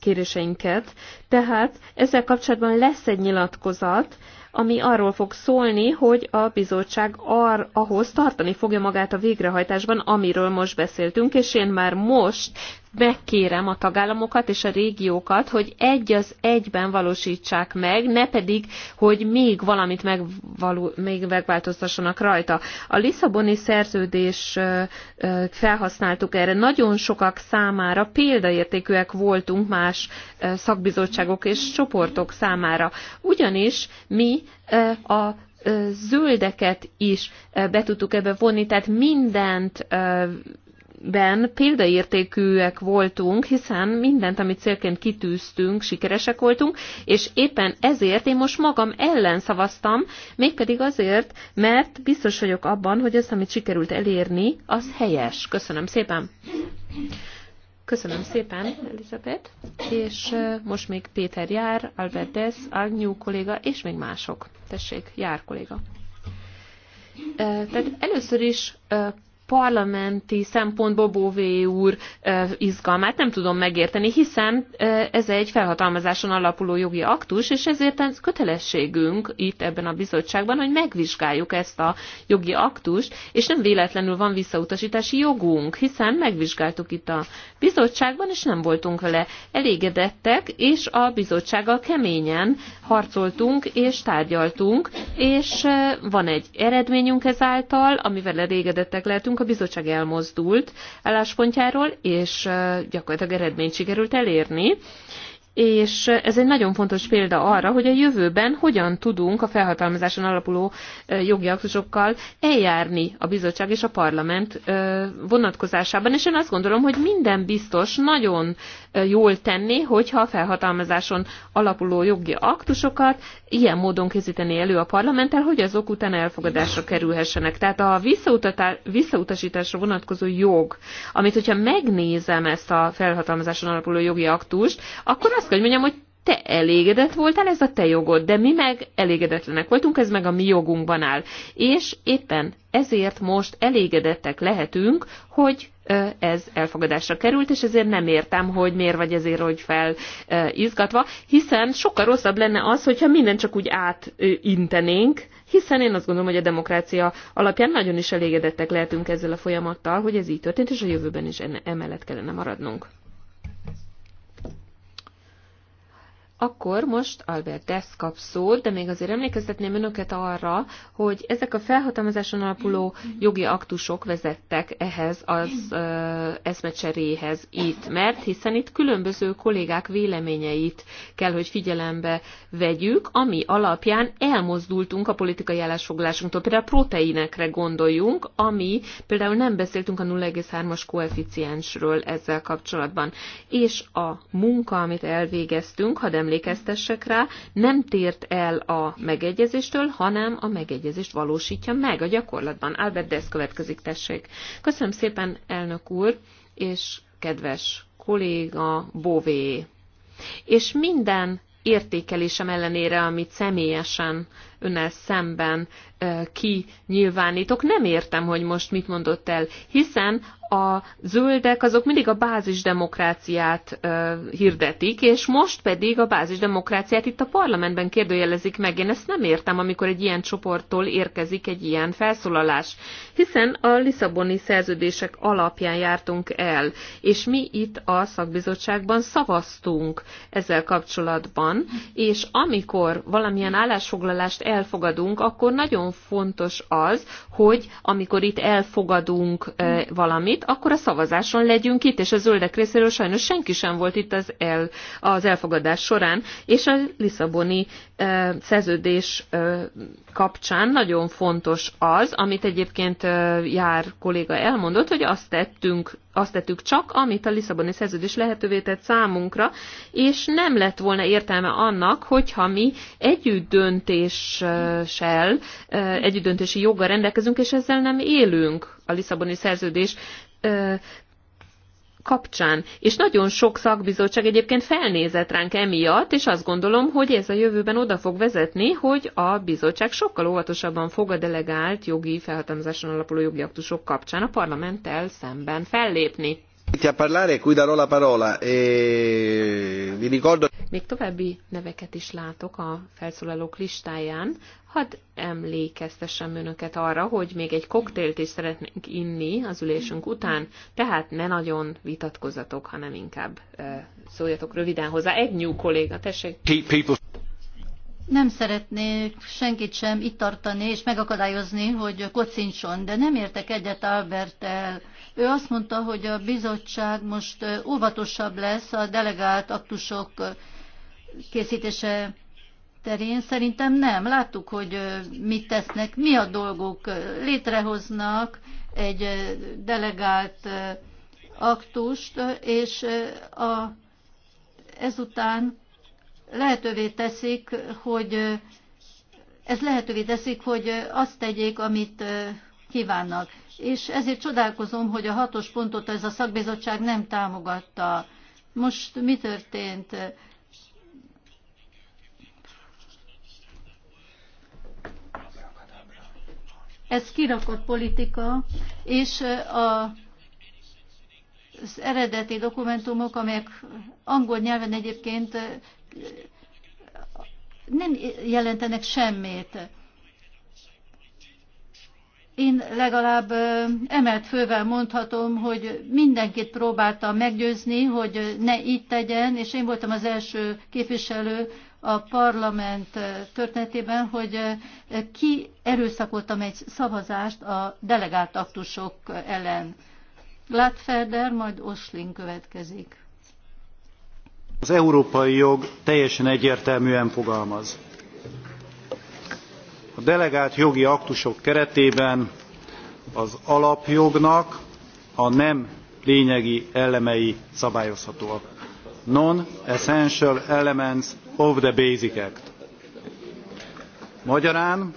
kéréseinket, tehát ezzel kapcsolatban lesz egy nyilatkozat, ami arról fog szólni, hogy a bizottság ar, ahhoz tartani fogja magát a végrehajtásban, amiről most beszéltünk, és én már most megkérem a tagállamokat és a régiókat, hogy egy az egyben valósítsák meg, ne pedig, hogy még valamit megvaló, még megváltoztassanak rajta. A Lisszaboni szerződés felhasználtuk erre. Nagyon sokak számára példaértékűek voltunk más szakbizottságok és csoportok számára. Ugyanis mi a zöldeket is be tudtuk ebbe vonni, tehát mindent ben példaértékűek voltunk, hiszen mindent, amit célként kitűztünk, sikeresek voltunk, és éppen ezért én most magam ellen szavaztam, mégpedig azért, mert biztos vagyok abban, hogy az, amit sikerült elérni, az helyes. Köszönöm szépen! Köszönöm szépen, Elizabeth, és most még Péter Jár, Albert Dess, Agnyú kolléga, és még mások. Tessék, Jár kolléga. Tehát először is parlamenti szempontból Bové úr izgalmát nem tudom megérteni, hiszen ez egy felhatalmazáson alapuló jogi aktus, és ezért ez kötelességünk itt ebben a bizottságban, hogy megvizsgáljuk ezt a jogi aktust, és nem véletlenül van visszautasítási jogunk, hiszen megvizsgáltuk itt a bizottságban, és nem voltunk vele elégedettek, és a bizottsággal keményen harcoltunk, és tárgyaltunk, és van egy eredményünk ezáltal, amivel elégedettek lehetünk, a bizottság elmozdult álláspontjáról, és gyakorlatilag eredményt sikerült elérni és ez egy nagyon fontos példa arra, hogy a jövőben hogyan tudunk a felhatalmazáson alapuló jogi aktusokkal eljárni a bizottság és a parlament vonatkozásában, és én azt gondolom, hogy minden biztos nagyon jól tenni, hogyha a felhatalmazáson alapuló jogi aktusokat ilyen módon készíteni elő a parlamenttel, hogy azok után elfogadásra kerülhessenek. Tehát a visszautasításra vonatkozó jog, amit hogyha megnézem ezt a felhatalmazáson alapuló jogi aktust, akkor azt azt kell, hogy mondjam, hogy te elégedett voltál, ez a te jogod, de mi meg elégedetlenek voltunk, ez meg a mi jogunkban áll. És éppen ezért most elégedettek lehetünk, hogy ez elfogadásra került, és ezért nem értem, hogy miért vagy ezért, hogy fel izgatva, hiszen sokkal rosszabb lenne az, hogyha minden csak úgy átintenénk, hiszen én azt gondolom, hogy a demokrácia alapján nagyon is elégedettek lehetünk ezzel a folyamattal, hogy ez így történt, és a jövőben is emellett kellene maradnunk. Akkor most Albert Dess kap szót, de még azért emlékeztetném önöket arra, hogy ezek a felhatalmazáson alapuló jogi aktusok vezettek ehhez az uh, eszmecseréhez itt, mert hiszen itt különböző kollégák véleményeit kell, hogy figyelembe vegyük, ami alapján elmozdultunk a politikai állásfoglalásunktól. Például a proteinekre gondoljunk, ami például nem beszéltünk a 0,3-as koeficiensről ezzel kapcsolatban. És a munka, amit elvégeztünk, ha de emlékeztessek rá, nem tért el a megegyezéstől, hanem a megegyezést valósítja meg a gyakorlatban. Albert Desz következik, tessék. Köszönöm szépen, elnök úr, és kedves kolléga Bové. És minden értékelésem ellenére, amit személyesen önnel szemben kinyilvánítok. Nem értem, hogy most mit mondott el, hiszen a zöldek azok mindig a bázisdemokráciát ö, hirdetik, és most pedig a bázisdemokráciát itt a parlamentben kérdőjelezik meg. Én ezt nem értem, amikor egy ilyen csoporttól érkezik egy ilyen felszólalás, hiszen a Lisszaboni szerződések alapján jártunk el, és mi itt a szakbizottságban szavaztunk ezzel kapcsolatban, és amikor valamilyen állásfoglalást elfogadunk, akkor nagyon fontos az, hogy amikor itt elfogadunk eh, valamit, akkor a szavazáson legyünk itt, és a zöldek részéről sajnos senki sem volt itt az, el, az elfogadás során, és a Lisszaboni eh, szerződés eh, kapcsán nagyon fontos az, amit egyébként jár kolléga elmondott, hogy azt tettünk azt tettük csak, amit a Lisszaboni szerződés lehetővé tett számunkra, és nem lett volna értelme annak, hogyha mi együttdöntéssel, együttdöntési joggal rendelkezünk, és ezzel nem élünk a Lisszaboni szerződés kapcsán. És nagyon sok szakbizottság egyébként felnézett ránk emiatt, és azt gondolom, hogy ez a jövőben oda fog vezetni, hogy a bizottság sokkal óvatosabban fog a delegált jogi felhatalmazáson alapuló jogi aktusok kapcsán a parlamenttel szemben fellépni. E e még további neveket is látok a felszólalók listáján. Hadd emlékeztessem önöket arra, hogy még egy koktélt is szeretnénk inni az ülésünk után, tehát ne nagyon vitatkozatok, hanem inkább szóljatok röviden hozzá. Egy nyú kolléga, tessék! Nem szeretnék senkit sem itt tartani és megakadályozni, hogy kocincson, de nem értek egyet Albertel ő azt mondta, hogy a bizottság most óvatosabb lesz a delegált aktusok készítése terén. Szerintem nem. Láttuk, hogy mit tesznek, mi a dolgok Létrehoznak egy delegált aktust, és a, ezután lehetővé teszik, hogy ez lehetővé teszik, hogy azt tegyék, amit kívánnak. És ezért csodálkozom, hogy a hatos pontot ez a szakbizottság nem támogatta. Most mi történt? Ez kirakott politika, és a az eredeti dokumentumok, amelyek angol nyelven egyébként nem jelentenek semmit. Én legalább emelt fővel mondhatom, hogy mindenkit próbáltam meggyőzni, hogy ne így tegyen, és én voltam az első képviselő a parlament történetében, hogy ki erőszakoltam egy szavazást a delegált aktusok ellen. Gladfelder, majd Oslin következik. Az európai jog teljesen egyértelműen fogalmaz a delegált jogi aktusok keretében az alapjognak a nem lényegi elemei szabályozhatóak. non essential elements of the basic act. magyarán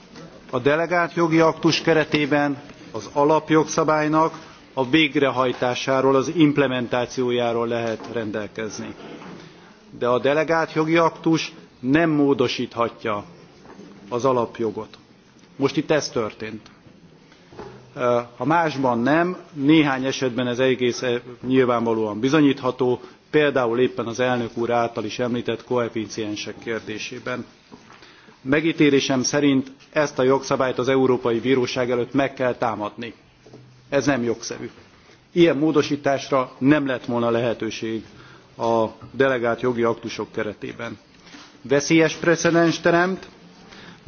a delegált jogi aktus keretében az alapjogszabálynak a végrehajtásáról az implementációjáról lehet rendelkezni de a delegált jogi aktus nem módosíthatja az alapjogot. Most itt ez történt. Ha másban nem, néhány esetben ez egész e, nyilvánvalóan bizonyítható, például éppen az elnök úr által is említett koeficiensek kérdésében. Megítélésem szerint ezt a jogszabályt az Európai Bíróság előtt meg kell támadni. Ez nem jogszerű. Ilyen módosításra nem lett volna lehetőség a delegált jogi aktusok keretében. Veszélyes precedens teremt,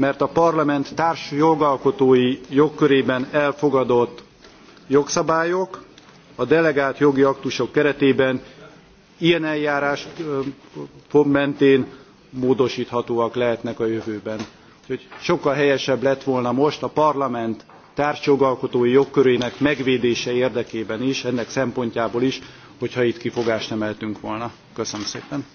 mert a parlament társjogalkotói jogkörében elfogadott jogszabályok a delegált jogi aktusok keretében ilyen eljárás mentén módosthatóak lehetnek a jövőben. úgyhogy sokkal helyesebb lett volna most a parlament társjogalkotói jogkörének megvédése érdekében is ennek szempontjából is hogyha itt kifogást emeltünk volna. köszönöm szépen!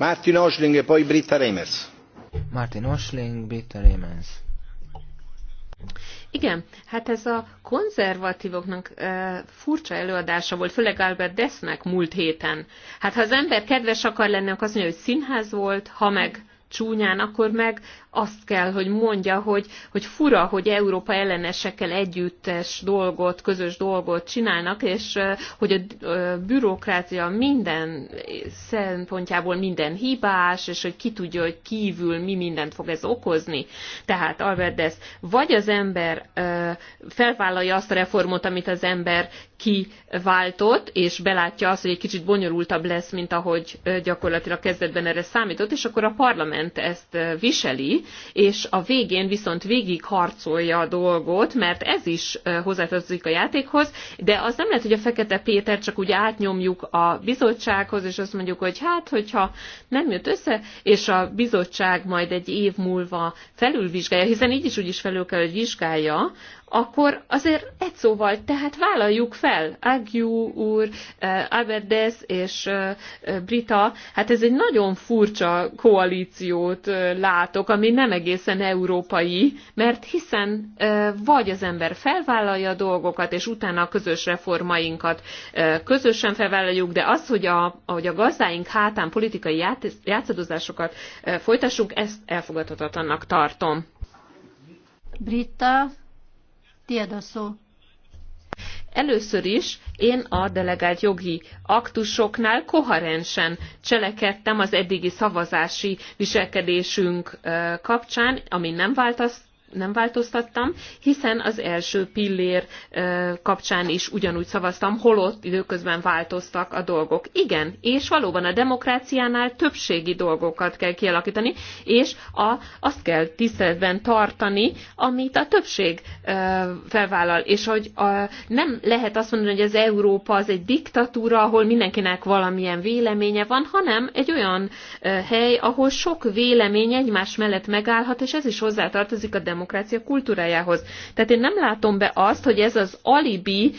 Martin Osling e poi Britta Remers. Martin Osling, Britta Remers. Igen, hát ez a konzervatívoknak e, furcsa előadása volt, főleg Albert Desznek múlt héten. Hát ha az ember kedves akar lenni, akkor azt mondja, hogy színház volt, ha meg csúnyán, akkor meg azt kell, hogy mondja, hogy, hogy fura, hogy Európa ellenesekkel együttes dolgot, közös dolgot csinálnak, és hogy a bürokrácia minden szempontjából minden hibás, és hogy ki tudja, hogy kívül mi mindent fog ez okozni. Tehát Albert vagy az ember felvállalja azt a reformot, amit az ember kiváltott, és belátja azt, hogy egy kicsit bonyolultabb lesz, mint ahogy gyakorlatilag kezdetben erre számított, és akkor a parlament parlament ezt viseli, és a végén viszont végig harcolja a dolgot, mert ez is hozzátartozik a játékhoz, de az nem lehet, hogy a Fekete Péter csak úgy átnyomjuk a bizottsághoz, és azt mondjuk, hogy hát, hogyha nem jött össze, és a bizottság majd egy év múlva felülvizsgálja, hiszen így is úgy is felül kell, hogy vizsgálja akkor azért egy szóval, tehát vállaljuk fel, Agyú úr, eh, Aberdez és eh, eh, Brita, hát ez egy nagyon furcsa koalíciót látok, ami nem egészen európai, mert hiszen vagy az ember felvállalja a dolgokat, és utána a közös reformainkat közösen felvállaljuk, de az, hogy a, hogy a gazdáink hátán politikai játszadozásokat folytassunk, ezt elfogadhatatlannak tartom. Britta, Tied a szó. Először is én a delegált jogi aktusoknál koherensen cselekedtem az eddigi szavazási viselkedésünk kapcsán, ami nem változt, nem változtattam, hiszen az első pillér kapcsán is ugyanúgy szavaztam, holott időközben változtak a dolgok. Igen, és valóban a demokráciánál többségi dolgokat kell kialakítani, és a, azt kell tiszteletben tartani, amit a többség felvállal, és hogy a, nem lehet azt mondani, hogy az Európa az egy diktatúra, ahol mindenkinek valamilyen véleménye van, hanem egy olyan hely, ahol sok vélemény egymás mellett megállhat, és ez is hozzátartozik a demokráciához demokrácia kultúrájához. Tehát én nem látom be azt, hogy ez az alibi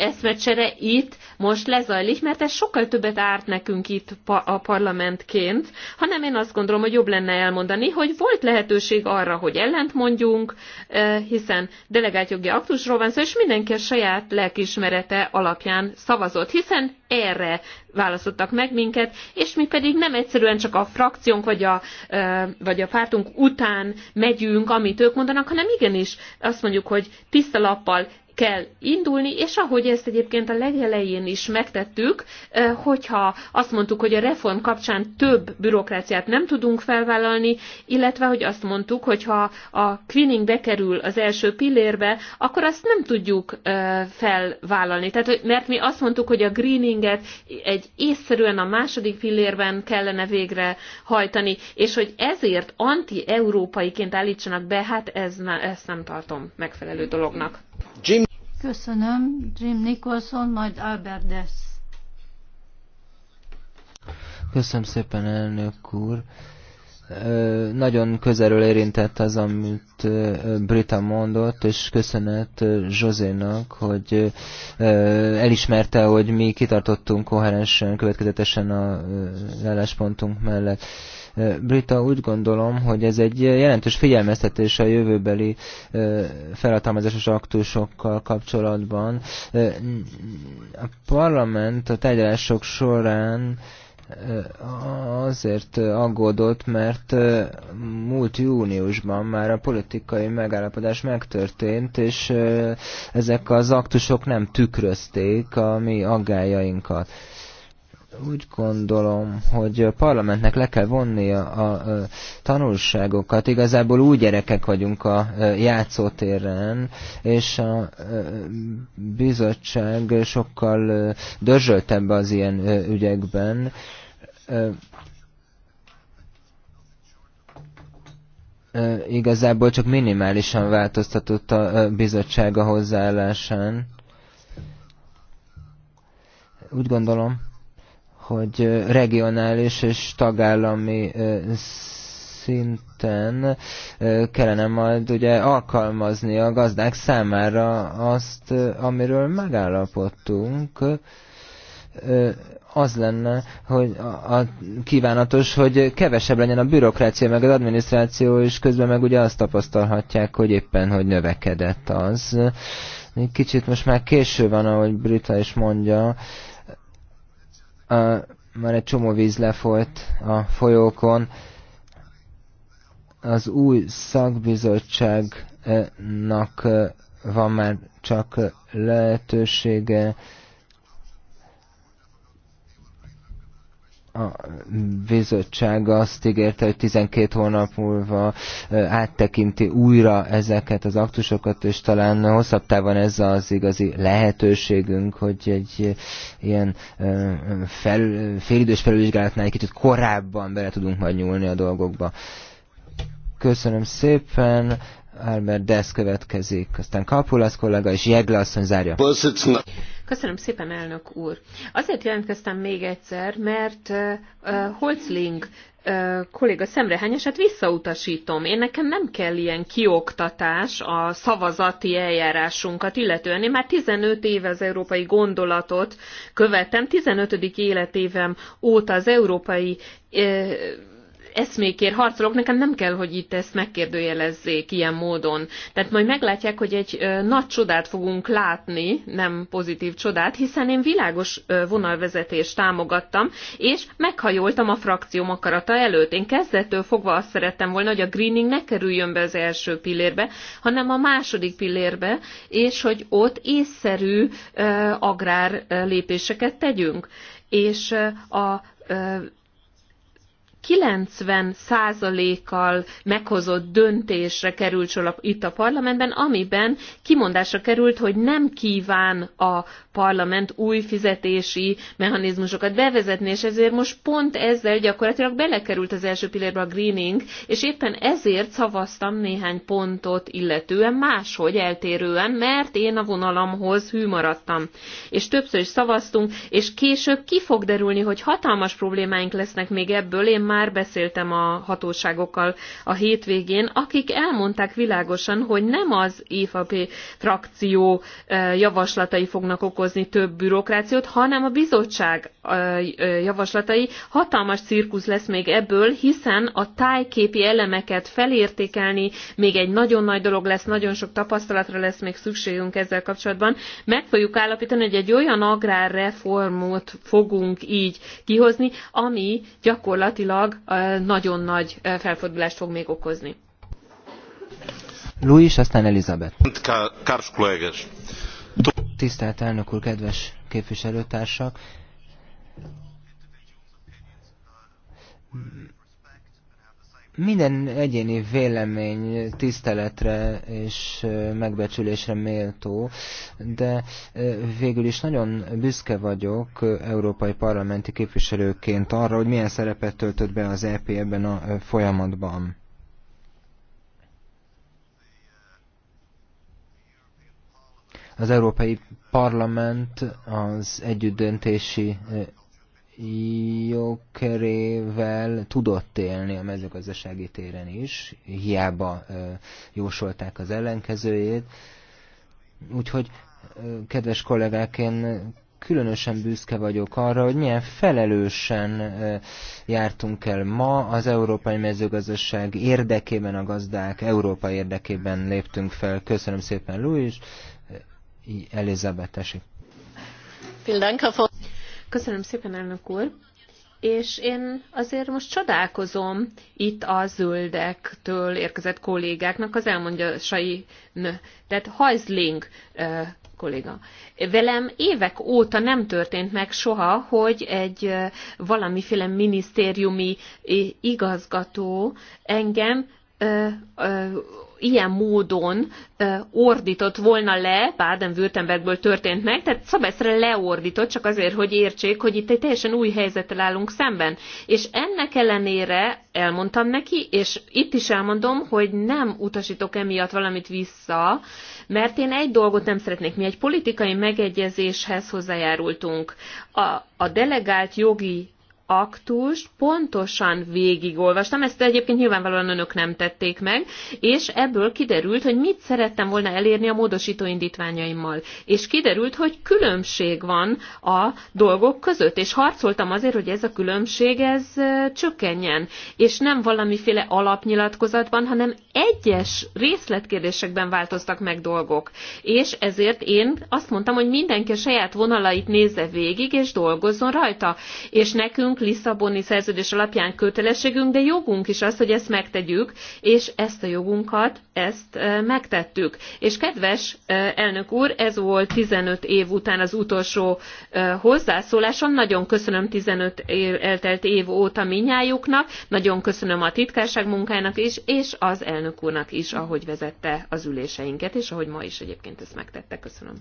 eszmecsere itt most lezajlik, mert ez sokkal többet árt nekünk itt a parlamentként, hanem én azt gondolom, hogy jobb lenne elmondani, hogy volt lehetőség arra, hogy ellent mondjunk, eh, hiszen delegált jogi aktusról van szó, és mindenki a saját lelkismerete alapján szavazott, hiszen erre választottak meg minket, és mi pedig nem egyszerűen csak a frakciónk vagy a, eh, vagy a pártunk után megyünk, amit ők mondanak, hanem igenis azt mondjuk, hogy tiszta lappal kell indulni, és ahogy ezt egyébként a legelején is megtettük, hogyha azt mondtuk, hogy a reform kapcsán több bürokráciát nem tudunk felvállalni, illetve hogy azt mondtuk, hogy ha a cleaning bekerül az első pillérbe, akkor azt nem tudjuk felvállalni. Tehát, mert mi azt mondtuk, hogy a greeninget egy észszerűen a második pillérben kellene végre hajtani, és hogy ezért anti-európaiként állítsanak be, hát ez, ezt nem tartom megfelelő dolognak. Jim. Köszönöm, Jim Nicholson, majd Albert Dess. Köszönöm szépen, elnök úr. Nagyon közelről érintett az, amit Brita mondott, és köszönet Zsozénak, hogy elismerte, hogy mi kitartottunk koherensen, következetesen a álláspontunk mellett Brita, úgy gondolom, hogy ez egy jelentős figyelmeztetés a jövőbeli felhatalmazásos aktusokkal kapcsolatban. A parlament a tárgyalások során azért aggódott, mert múlt júniusban már a politikai megállapodás megtörtént, és ezek az aktusok nem tükrözték a mi aggájainkat úgy gondolom, hogy a parlamentnek le kell vonnia a, a tanulságokat. Igazából úgy gyerekek vagyunk a, a e, játszótéren, és a, a e, bizottság sokkal e, dörzsöltebb az ilyen ügyekben. Igazából csak minimálisan változtatott a bizottság a hozzáállásán. Úgy gondolom hogy regionális és tagállami szinten kellene majd ugye alkalmazni a gazdák számára azt, amiről megállapodtunk, az lenne, hogy a, a kívánatos, hogy kevesebb legyen a bürokrácia, meg az adminisztráció, és közben meg ugye azt tapasztalhatják, hogy éppen, hogy növekedett az. Kicsit most már késő van, ahogy Brita is mondja, már egy csomó víz lefolyt a folyókon. Az új szakbizottságnak eh, van már csak lehetősége a bizottság azt ígérte, hogy 12 hónap múlva áttekinti újra ezeket az aktusokat, és talán hosszabb távon ez az igazi lehetőségünk, hogy egy ilyen fel, félidős felülvizsgálatnál egy kicsit korábban bele tudunk majd nyúlni a dolgokba. Köszönöm szépen. Albert Desz következik, aztán Kapulasz kollega és Jegle asszony zárja. Köszönöm szépen, elnök úr. Azért jelentkeztem még egyszer, mert uh, Holzling uh, kolléga szemrehányását visszautasítom. Én nekem nem kell ilyen kioktatás a szavazati eljárásunkat, illetően én már 15 éve az európai gondolatot követem, 15. életévem óta az európai uh, eszmékért harcolok, nekem nem kell, hogy itt ezt megkérdőjelezzék ilyen módon. Tehát majd meglátják, hogy egy nagy csodát fogunk látni, nem pozitív csodát, hiszen én világos vonalvezetést támogattam, és meghajoltam a frakció akarata előtt. Én kezdettől fogva azt szerettem volna, hogy a greening ne kerüljön be az első pillérbe, hanem a második pillérbe, és hogy ott észszerű agrár lépéseket tegyünk. És a 90%-kal meghozott döntésre került sor itt a parlamentben, amiben kimondásra került, hogy nem kíván a parlament új fizetési mechanizmusokat bevezetni, és ezért most pont ezzel gyakorlatilag belekerült az első pillérbe a greening, és éppen ezért szavaztam néhány pontot illetően máshogy eltérően, mert én a vonalamhoz hű maradtam. És többször is szavaztunk, és később ki fog derülni, hogy hatalmas problémáink lesznek még ebből. Én már beszéltem a hatóságokkal a hétvégén, akik elmondták világosan, hogy nem az IFAP frakció javaslatai fognak okozni, okozni több bürokrációt, hanem a bizottság javaslatai hatalmas cirkusz lesz még ebből, hiszen a tájképi elemeket felértékelni még egy nagyon nagy dolog lesz, nagyon sok tapasztalatra lesz még szükségünk ezzel kapcsolatban. Meg fogjuk állapítani, hogy egy olyan agrárreformot fogunk így kihozni, ami gyakorlatilag nagyon nagy felfordulást fog még okozni. Luis, aztán Elizabeth. Káros kollégás! Tisztelt elnök úr, kedves képviselőtársak! Minden egyéni vélemény tiszteletre és megbecsülésre méltó, de végül is nagyon büszke vagyok európai parlamenti képviselőként arra, hogy milyen szerepet töltött be az EP ebben a folyamatban Az Európai Parlament az együttdöntési jogkörével tudott élni a mezőgazdasági téren is, hiába jósolták az ellenkezőjét. Úgyhogy, kedves kollégák, én különösen büszke vagyok arra, hogy milyen felelősen jártunk el ma az európai mezőgazdaság érdekében, a gazdák Európa érdekében léptünk fel. Köszönöm szépen, Luis, Elizabeth, tessék. Köszönöm szépen, elnök úr. És én azért most csodálkozom itt a zöldektől érkezett kollégáknak az elmondásai, tehát Hajzling kolléga. Velem évek óta nem történt meg soha, hogy egy valamiféle minisztériumi igazgató engem ilyen módon ordított volna le, Baden-Württembergből történt meg, tehát Szabeszre leordított, csak azért, hogy értsék, hogy itt egy teljesen új helyzettel állunk szemben. És ennek ellenére elmondtam neki, és itt is elmondom, hogy nem utasítok emiatt valamit vissza, mert én egy dolgot nem szeretnék. Mi egy politikai megegyezéshez hozzájárultunk. A, a delegált jogi aktust pontosan végigolvastam, ezt egyébként nyilvánvalóan önök nem tették meg, és ebből kiderült, hogy mit szerettem volna elérni a módosító indítványaimmal. És kiderült, hogy különbség van a dolgok között, és harcoltam azért, hogy ez a különbség ez csökkenjen, és nem valamiféle alapnyilatkozatban, hanem egyes részletkérdésekben változtak meg dolgok. És ezért én azt mondtam, hogy mindenki a saját vonalait nézze végig, és dolgozzon rajta. És nekünk Lisszaboni szerződés alapján kötelességünk, de jogunk is az, hogy ezt megtegyük, és ezt a jogunkat, ezt megtettük. És kedves elnök úr, ez volt 15 év után az utolsó hozzászólásom. Nagyon köszönöm 15 eltelt év óta minnyájuknak, nagyon köszönöm a titkárság munkájának is, és az elnök úrnak is, ahogy vezette az üléseinket, és ahogy ma is egyébként ezt megtette. Köszönöm.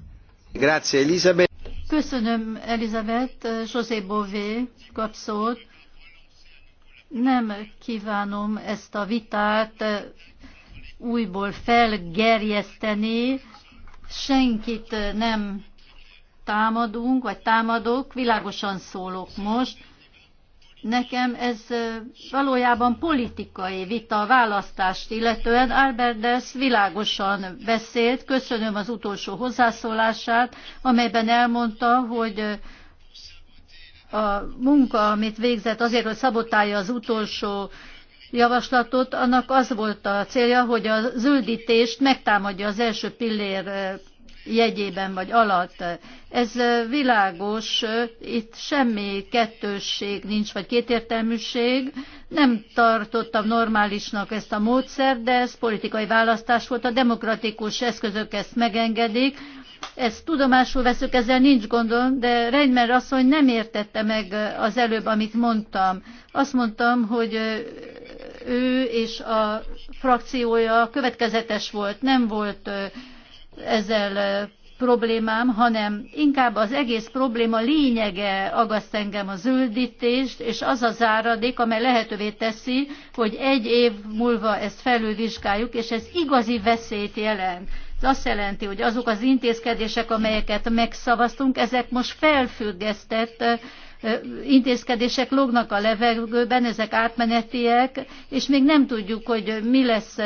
Grazie, Elizabeth. Köszönöm, Elizabeth. José Bové kapszót. Nem kívánom ezt a vitát újból felgerjeszteni. Senkit nem támadunk, vagy támadok, világosan szólok most Nekem ez valójában politikai vita a választást illetően. Albert Dess világosan beszélt, köszönöm az utolsó hozzászólását, amelyben elmondta, hogy a munka, amit végzett azért, hogy szabotálja az utolsó javaslatot, annak az volt a célja, hogy a zöldítést megtámadja az első pillér jegyében vagy alatt. Ez világos, itt semmi kettősség nincs, vagy kétértelműség. Nem tartottam normálisnak ezt a módszert, de ez politikai választás volt. A demokratikus eszközök ezt megengedik, ezt tudomásul veszük, ezzel nincs gondom, de Reidmer asszony nem értette meg az előbb, amit mondtam. Azt mondtam, hogy ő és a frakciója következetes volt, nem volt ezzel problémám, hanem inkább az egész probléma lényege agaszt engem a zöldítést, és az a záradék, amely lehetővé teszi, hogy egy év múlva ezt felülvizsgáljuk, és ez igazi veszélyt jelent. Ez azt jelenti, hogy azok az intézkedések, amelyeket megszavaztunk, ezek most felfüggesztett intézkedések lognak a levegőben, ezek átmenetiek, és még nem tudjuk, hogy mi lesz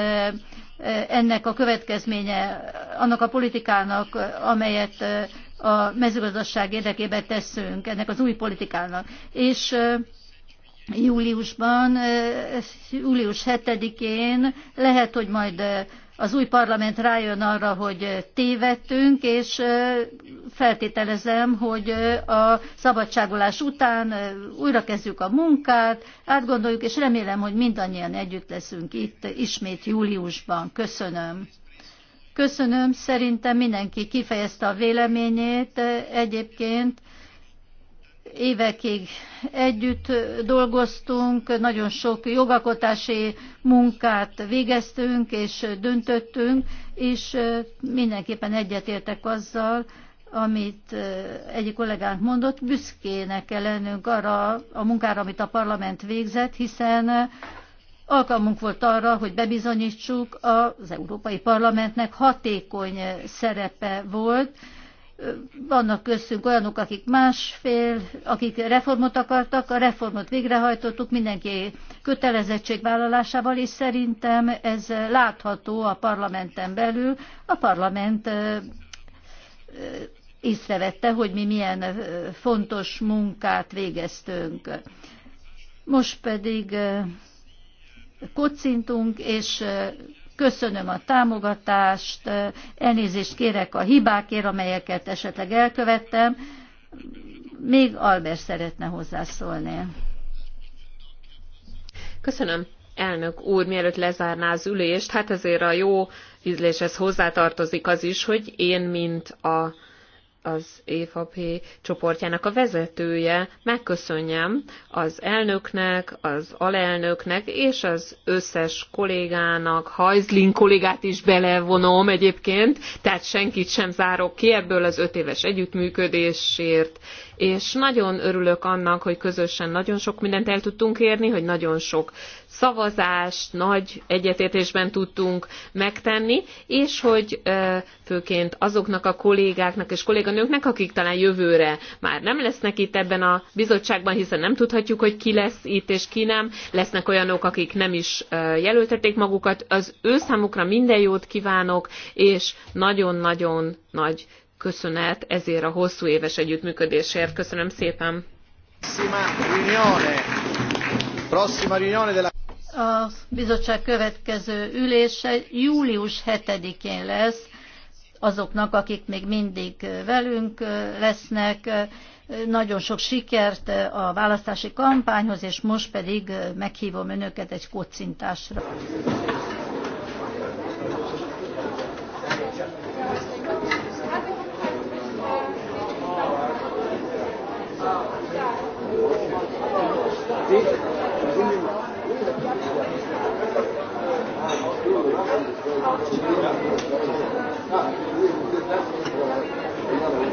ennek a következménye annak a politikának, amelyet eh, a mezőgazdaság érdekében teszünk, ennek az új politikának. És eh, júliusban, eh, július 7-én lehet, hogy majd az új parlament rájön arra, hogy tévedtünk, és feltételezem, hogy a szabadságolás után újra kezdjük a munkát, átgondoljuk, és remélem, hogy mindannyian együtt leszünk itt ismét júliusban. Köszönöm. Köszönöm, szerintem mindenki kifejezte a véleményét egyébként évekig együtt dolgoztunk, nagyon sok jogalkotási munkát végeztünk és döntöttünk, és mindenképpen egyetértek azzal, amit egyik kollégánk mondott, büszkének kell lennünk arra a munkára, amit a parlament végzett, hiszen alkalmunk volt arra, hogy bebizonyítsuk, az Európai Parlamentnek hatékony szerepe volt, vannak köztünk olyanok, akik másfél, akik reformot akartak, a reformot végrehajtottuk mindenki kötelezettségvállalásával, és szerintem ez látható a parlamenten belül. A parlament észrevette, hogy mi milyen fontos munkát végeztünk. Most pedig kocintunk, és Köszönöm a támogatást, elnézést kérek a hibákért, amelyeket esetleg elkövettem. Még Albert szeretne hozzászólni. Köszönöm. Elnök úr, mielőtt lezárná az ülést, hát ezért a jó ízléshez hozzátartozik az is, hogy én, mint a az EVP csoportjának a vezetője. Megköszönjem az elnöknek, az alelnöknek és az összes kollégának, Hajzlin kollégát is belevonom egyébként, tehát senkit sem zárok ki ebből az öt éves együttműködésért, és nagyon örülök annak, hogy közösen nagyon sok mindent el tudtunk érni, hogy nagyon sok szavazást, nagy egyetértésben tudtunk megtenni, és hogy főként azoknak a kollégáknak és kolléganőknek, akik talán jövőre már nem lesznek itt ebben a bizottságban, hiszen nem tudhatjuk, hogy ki lesz itt és ki nem, lesznek olyanok, akik nem is jelöltették magukat, az ő számukra minden jót kívánok, és nagyon-nagyon nagy köszönet ezért a hosszú éves együttműködésért. Köszönöm szépen! A bizottság következő ülése július 7-én lesz. Azoknak, akik még mindig velünk lesznek, nagyon sok sikert a választási kampányhoz, és most pedig meghívom önöket egy kocintásra. Thank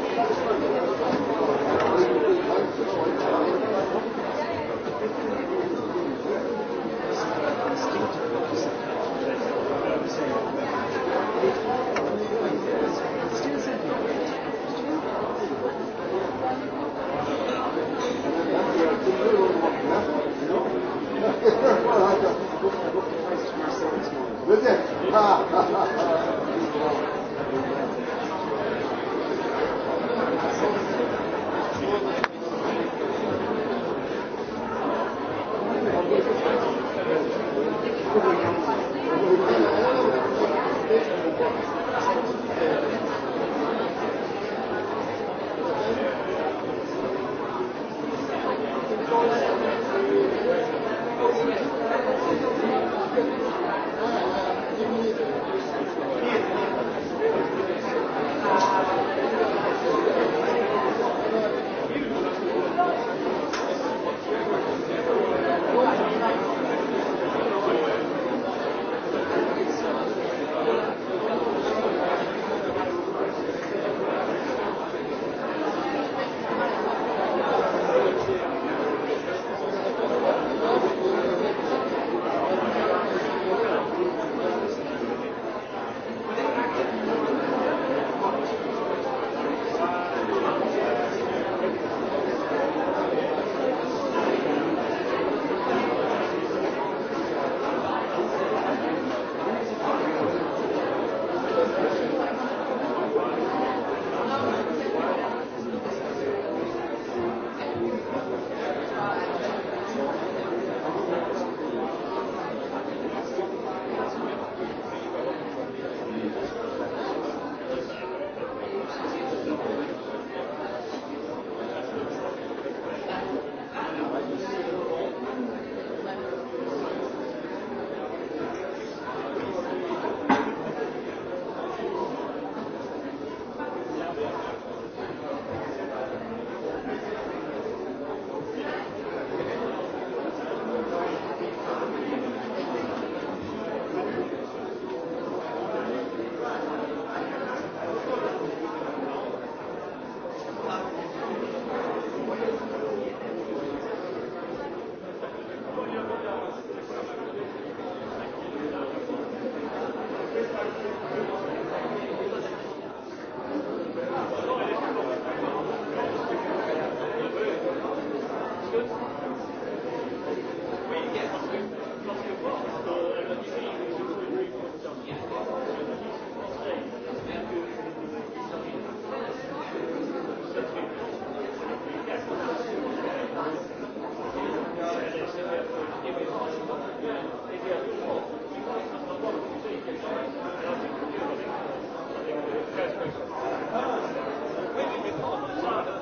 you.